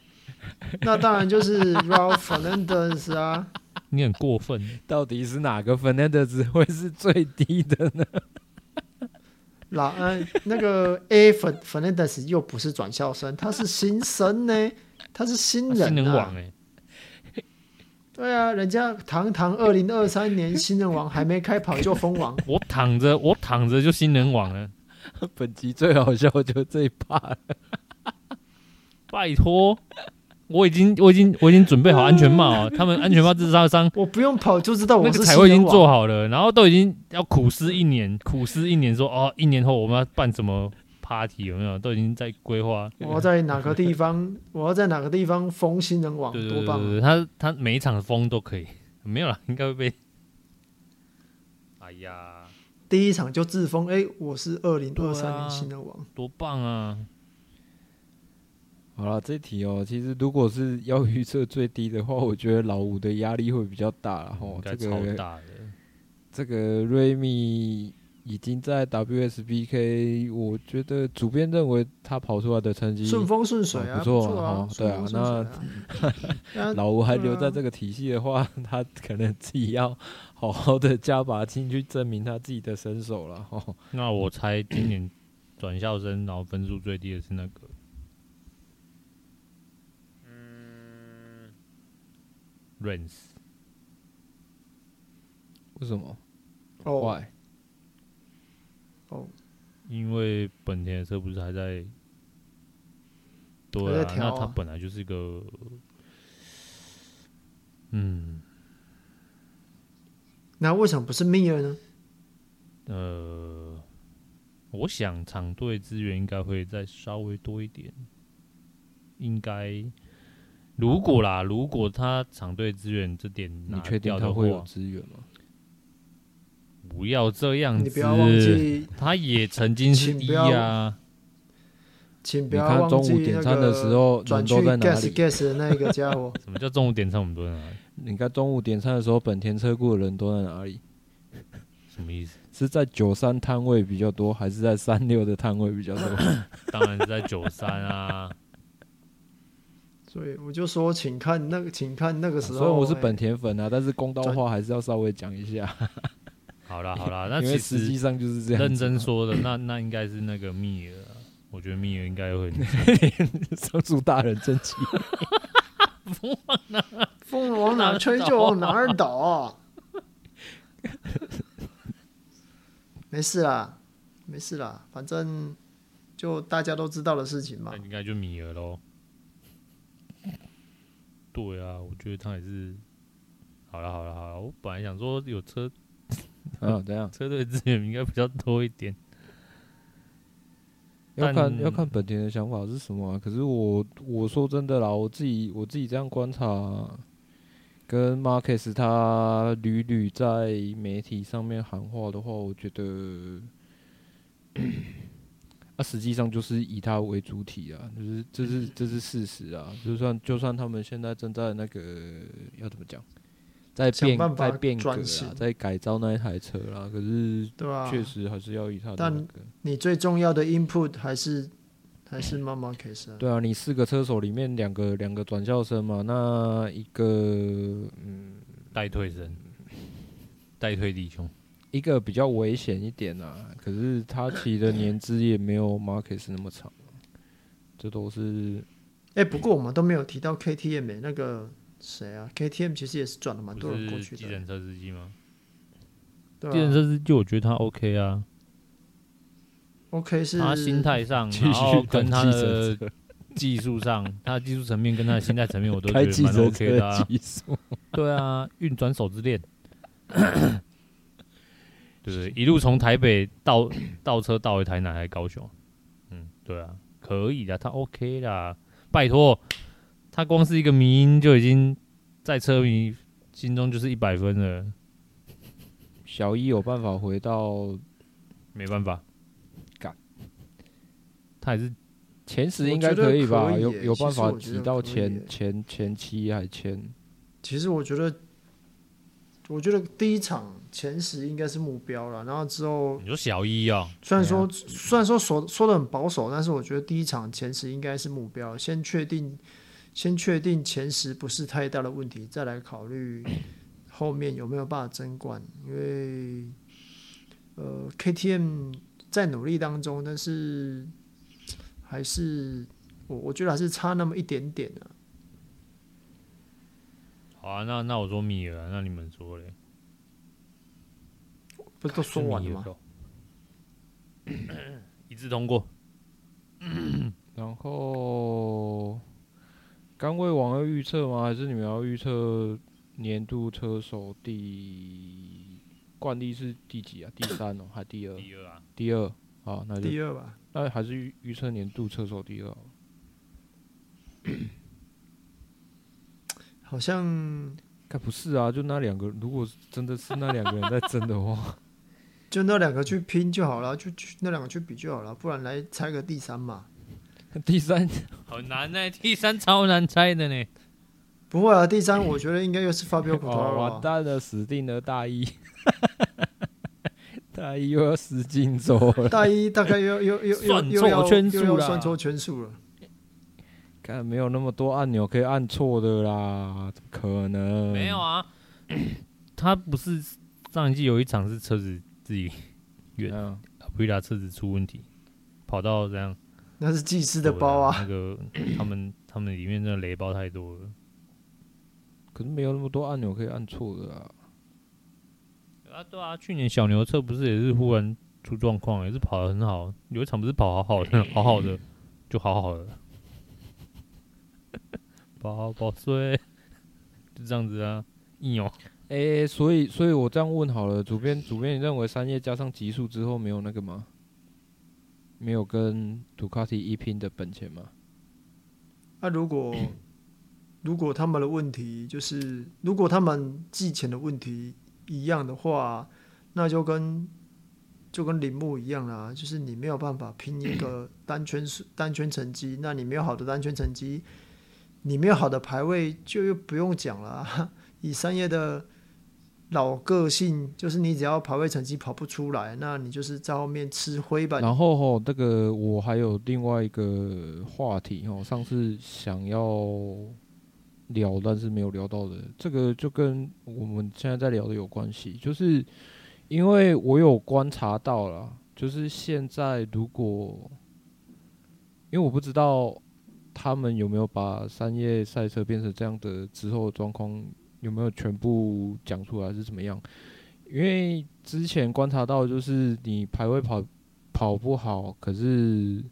那當然就是 Ralph Fernandez 啊！你很過分，到底是哪個 Fernandez 會是最低的呢？老 安、呃，那個 A 粉 Fernandez 又不是轉校生，他是新生呢、欸，他是新人、啊。新人王哎，對啊，人家堂堂二零二三年新人王還沒開跑就封王 我躺着我躺着就新人王了。本集最好笑就這一趴， 拜托！我已經，我已經，我已經準備好安全帽 他們安全帽製造商，我不用跑就知道。我是、那個彩繪我已經做好了，然後都已經要苦思一年，苦思一年說哦，一年後我們要辦什麼 party 有沒有？都已經在規劃。我要在哪個地方？ 我要在哪個地方封新人王？對對對，多棒、啊！他他每一場封都可以，沒有了，應該會被。哎呀！第一場就自封，哎、欸，我是二零二三年新的王，啊，多棒啊！好了，這題哦、喔，其實如果是要預測最低的話，我覺得老五的壓力會比較大，然後這個超大的，這個瑞米。已經在 WSBK，我覺得主編認為他跑出來的成績順風順水、啊、不錯啊，啊，對啊，那、嗯嗯嗯嗯、 啊老吳還留在這個體系的話，他可能自己要好好的加把勁去證明他自己的身手了哈。那我猜今年轉校生，然後分數最低的是那個，嗯，Rains，為什麼？oh. Why？哦、oh.，因為本田的車不是還在，對啊，在啊，那他本來就是一個，嗯，那為什麼不是 Mir 呢？呃，我想廠隊資源應該會再稍微多一點，應該如果啦，如果他廠隊資源這點，你確定要他會有資源嗎？不要這樣子，你不要忘記他也曾經是、啊，請。請不要忘記。請不要你看中午點餐的時候，人多在那個傢伙。 什麼叫中午點餐？我們都在哪裡？你看中午點餐的時候，本田車庫的人都在哪裡？什麼意思？是在九三攤位比較多，還是在三六的攤位比較多？ 當然是在九三啊。所以我就說，請看那個，請看那個時候。所以我是本田粉啊，但是公道話還是要稍微講一下。 好啦好啦，那其實上就是這樣。認真說的，那那應該是那個米爾， 我覺得米爾應該會很。幫 助大人真取。 風往哪風往哪吹就往哪兒倒。 島哦、 沒事啦，沒事啦，反正就大家都知道的事情嘛。那應該就米兒咯。對啊，我覺得他也是。好了好了好了，我本來想說有車。嗯，怎樣車隊資源應該比較多一點，要看要看本田的想法是什麼啊。可是我我說真的啦，我自己我自己這樣觀察，跟 Marcus 他屢屢在媒體上面喊話的話，我覺得，啊，實際上就是以他為主體啊，就是這是這是事實啊。就算就算他們現在正在那個要怎麼講。在變在變轉、啊、轉在改造那一台車啦、啊，可是確實還是要以他、啊。但你最重要的 input 還是還是 Márquez 啊。對啊，你四個車手裡面兩個兩個轉校生嘛，那一個嗯，帶退人，帶退弟兄，一個比較危險一點啊。可是他騎的年資也沒有 Márquez 那麼長， 這都是。哎、欸，不過我們都沒有提到 KTM、欸、那個。誰啊？KTM 其實也是轉了蠻多人過去的。不是計程車司機嗎？計程車、啊、司機我覺得他 OK 啊。OK 是他心態上，然後跟他的技術上，上，他的技術層面跟他的心態層面，我都覺得蠻 OK 的、啊。的技 對啊，運轉手之戀咳咳就對、是，一路從台北倒倒車到一台南還是高雄？嗯，對啊，可以的，他 OK 的，拜託。他光是一個迷音就已經在車迷心中就是一百分了。小一有辦法回到？沒辦法，敢？他還是前十應該可以吧？有有辦法擠到前前前七還是前？其實我覺得，我覺得第一場前十應該是目標了。然後之後你說小一啊，雖然說雖然說說說的很保守，但是我覺得第一場前十應該是目標，先確定。先確定前十不是太大的問題，再來考慮後面有沒有辦法爭冠。因為，呃，KTM 在努力當中，但是還是我我覺得還是差那麼一點點啊。好啊，那那我說米爾、啊、那你們說嘞？不是都說完了嗎？了一致通過。 然後。剛為網友預測嗎？還是你們要預測年度車手第慣例是第幾啊？第三哦、喔，還第二？第二啊，第二？第二啊？那第二吧。那還是預預測年度車手第二？咳咳好像，該不是啊？就那兩個，如果真的是那兩個人在爭的話， 就那兩個去拼就好了，就就那兩個去比就好了，不然來猜個第三嘛。第三好難呢。欸，第三超難猜的呢 。不會啊，第三我覺得應該又是法比歐古塔了。完蛋了，死定了，大一， 大一又要使勁走了。大一大概又又又又又要又要算錯圈數了。看沒有那麼多按鈕可以按錯的啦，怎麼可能？沒有啊，他不是上一季有一場是車子自己，啊，不雷達車子出問題，跑到這樣。那是技師的包啊，那個 他們他們裡面真的雷包太多了，可是沒有那麼多按鈕可以按錯的啊。啊對啊，去年小牛車不是也是忽然出狀況，嗯，也是跑得很好，有一場不是跑好好的好好的，就好好的，哈哈，寶寶睡，就這樣子啊，一扭。哎，所以所以我這樣問好了，主編主編，你認為三葉加上極速之後沒有那個嗎？沒有跟杜卡迪一拼的本錢嗎？那、啊、如果如果他們的問題就是如果他們寄錢的問題一樣的話，那就跟就跟鈴木一樣啦，就是你沒有辦法拼一個單圈 單圈成績，那你沒有好的單圈成績，你沒有好的排位，就又不用講了。以山葉的。老個性就是你只要排位成績跑不出來，那你就是在後面吃灰吧。然後吼，這個我還有另外一個話題吼，上次想要聊但是沒有聊到的，這個就跟我們現在在聊的有關係，就是因為我有觀察到了，就是現在如果因為我不知道他們有沒有把三業賽車變成這樣的之後的狀況。有沒有全部講出來是怎麼樣？因為之前觀察到，就是你排位跑跑不好，可是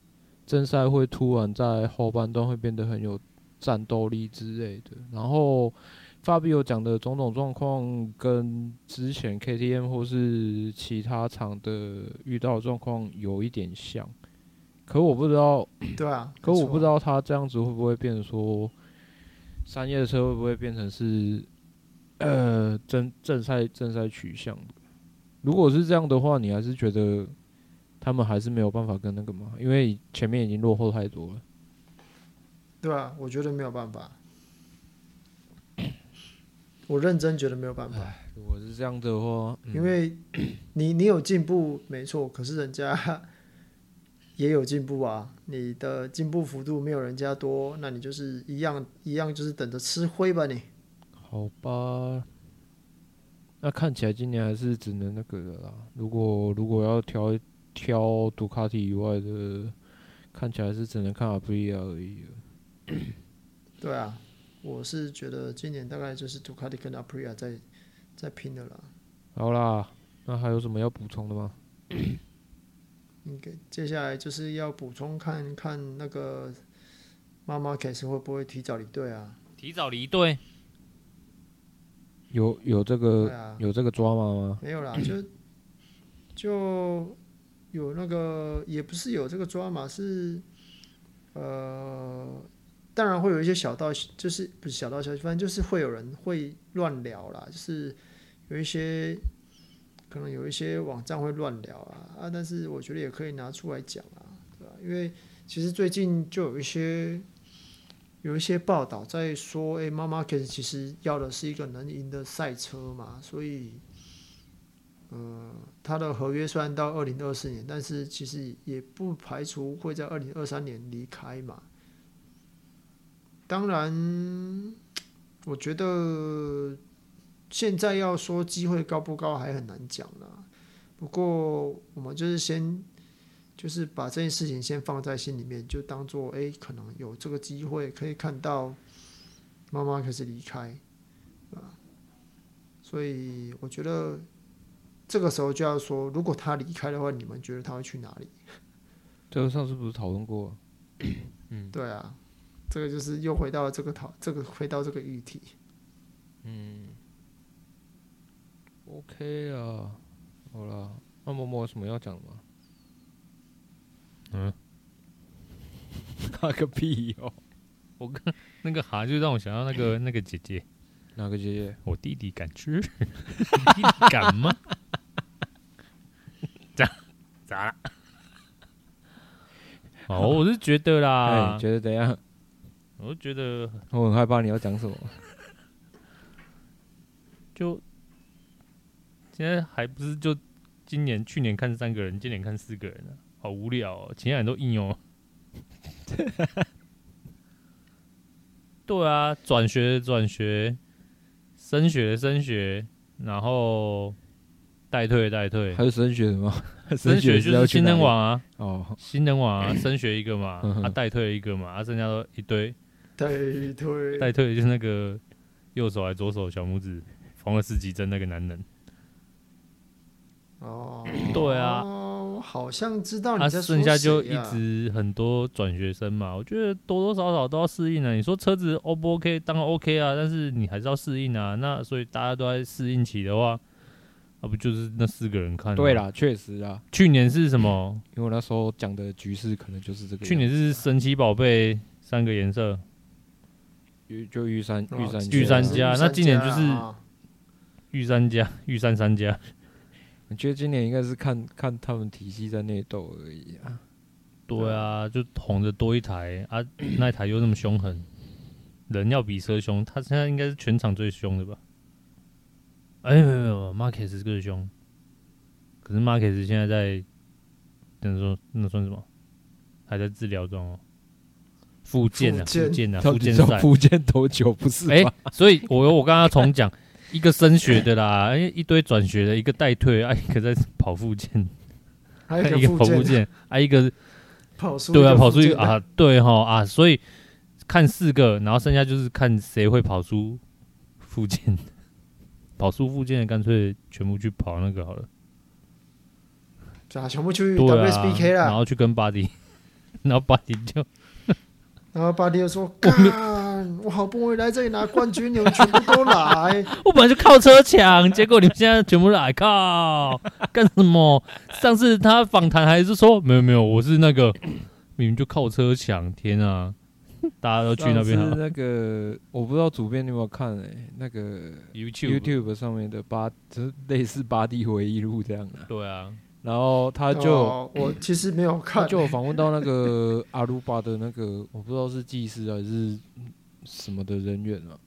正賽會突然在後半段會變得很有戰鬥力之類的。然後法比歐講的種種狀況，跟之前 KTM 或是其他廠的遇到的狀況有一點像。可我不知道，對啊，可我不知道他這樣子會不會變成說山葉車會不會變成是。呃，正正賽正賽取向，如果是這樣的話，你還是覺得他們還是沒有辦法跟那個嗎？因為前面已經落後太多了，對吧、啊？我覺得沒有辦法， 我認真覺得沒有辦法。如果是這樣的話，因為、嗯、你你有進步沒錯，可是人家也有進步啊，你的進步幅度沒有人家多，那你就是一樣一樣，就是等着吃灰吧你。好吧，那看起來今年還是只能那個的啦。如果如果要挑挑讀卡迪以外的，看起來是只能看法不一 a 而已。對啊，我是覺得今年大概就是讀卡迪跟阿普利亞在在拼的啦。好啦，那還有什麼要補充的嗎？應、嗯、該接下來就是要補充看看,看看那個媽媽開始會不會提早離隊啊？提早離隊？有有這個、啊、有這個抓馬嗎？沒有啦，就 就有那個也不是有這個抓馬，是呃，當然會有一些小道，就是不是小道消息，反正就是會有人會亂聊啦，就是有一些可能有一些網站會亂聊啊啊，但是我覺得也可以拿出來講啊，對吧、啊？因為其實最近就有一些。有一些報道在說，哎、欸、Marquez 其實要的是一個能贏的賽車嘛，所以，嗯、呃，它的合約雖然到二零二四年，但是其實也不排除會在二零二三年離開嘛。當然，我覺得現在要說機會高不高還很難講啦。不過，我們就是先。就是把這件事情先放在心裡面，就當做哎、欸，可能有這個機會可以看到媽媽開始離開，所以我覺得這個時候就要說，如果他離開的話，你們覺得他會去哪裡？這個上次不是討論過、啊？嗯， 對啊，嗯、這個就是又回到了這個討，這個回到這個議題、嗯。嗯，OK 啊，好了，那默默有什麼要講的嗎？嗯，哈 個屁喲、哦！我跟那個哈，就讓我想到那個那個姐姐，哪個姐姐？我弟弟敢去， 弟弟敢嗎？ 咋，咋了？哦，我是覺得啦，欸、覺得怎樣？我覺得我很害怕你要講什麼。 就現在還不是就今年？去年看三個人，今年看四個人了、啊。好無聊、哦，其他人都應用、哦。 對啊，轉學轉學，升學升學，然後代退代退，還有升學什麼？ 升學就是新人王啊，哦，新人王啊，升學一個嘛，他、 啊、代退一個嘛，他、啊啊、剩下一堆代退 代退，代退就是那個右手還左手的小拇指縫了四極針那個男人。哦，對啊。哦好像知道你在說誰啊？啊，剩下就一直很多轉學生嘛，我覺得多多少少都要適應啊。你說車子 O 不 OK？當然 OK 啊，但是你還是要適應啊。那所以大家都在適應期的話，那、啊、不就是那四個人看，啊？對啦，確實啊。去年是什麼？因為那時候講的局勢可能就是這個這、啊。去年是神奇寶貝三個顏色、啊，就御三御三、啊、御三家。那今年就是御三家御三三家。我覺得今年應該是看看他們體系在內鬥而已啊。對啊，就紅的多一台啊，那一台又那麼兇狠， 人要比車兇，他現在應該是全場最兇的吧？哎、欸，沒有沒有，Marcus 是最兇。可是 Marcus 現在在，等於說那算什麼？還在治療中，哦。復健啊，復健，復健啊，復健賽，復健多久不是？哎、 欸，所以我我剛剛重講。 一個升學的啦，哎，一堆轉學的，一個代退，啊，一個在跑附近，還有一、啊、一個跑附近，有、啊、一個跑出，對，跑出去啊，啊，啊，啊，對哈啊，所以看四個，然後剩下就是看誰會跑出附近，跑出附近的乾脆全部去跑那個好了，對啊，全部去、啊、WSBK 啦然後去跟巴迪、啊，然後巴迪就，然後巴迪又說。 我好不容易來這裡拿冠軍，你們全部都來！ 我本來就靠車搶，結果你們現在全部來靠幹什麼？上次他訪談還是說沒有沒有，我是那個 明明就靠車搶！天啊， 大家都去那邊。那個 我不知道主編你有沒有看哎、欸，那個 YouTube 上面的八，就是類似《八 D 回憶錄》這樣的。對啊，然後他就、哦、我其實沒有看、欸，他就訪問到那個阿魯巴的那個， 我不知道是技師還是，什麼的人員呢？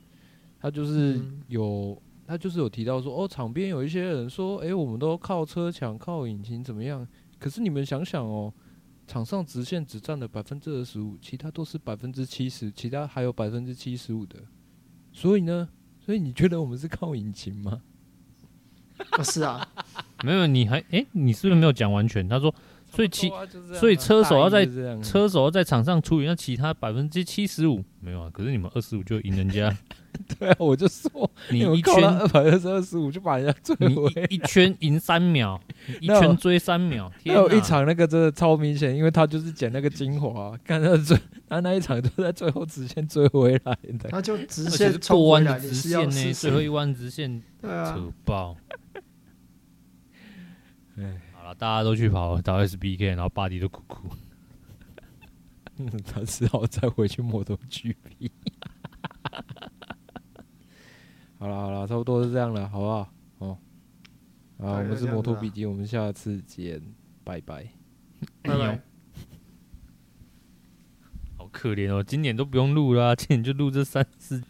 他就是有，他就是有提到說，哦，場邊有一些人說，哎、欸，我們都靠車牆、靠引擎怎麼樣？可是你們想想哦，場上直線只占了百分之二十五，其他都是百分之七十，其他還有百分之七十五的。所以呢，所以你覺得我們是靠引擎嗎？不、啊、是啊 ，沒有，你還，哎、欸，你是不是沒有講完全？他說。所以其、啊啊、所以車手要在、啊、車手要在場上出贏，那其他百分之七十五沒有啊？可是你們二十五就贏人家， 對啊，我就說你一圈百分之二十五就把人家追回一，一圈贏三秒，一圈追三秒。 有天有一場那個真的超明顯，因為他就是撿那個精華， 看到最他那一場都在最後直線追回來的，他就直線過彎直線、欸、線最後一彎直線，扯、啊、爆。 大家都去跑打 SBK，然後巴迪都哭哭，嗯、他只好再回去摩托 GP。 好了好了，差不多是這樣了，好不好？哦，啊、哎，我們是摩托筆記，我們下次見，拜拜，拜、哎、拜、哎。好可憐哦，今年都不用錄啦、啊，今年就錄這三四。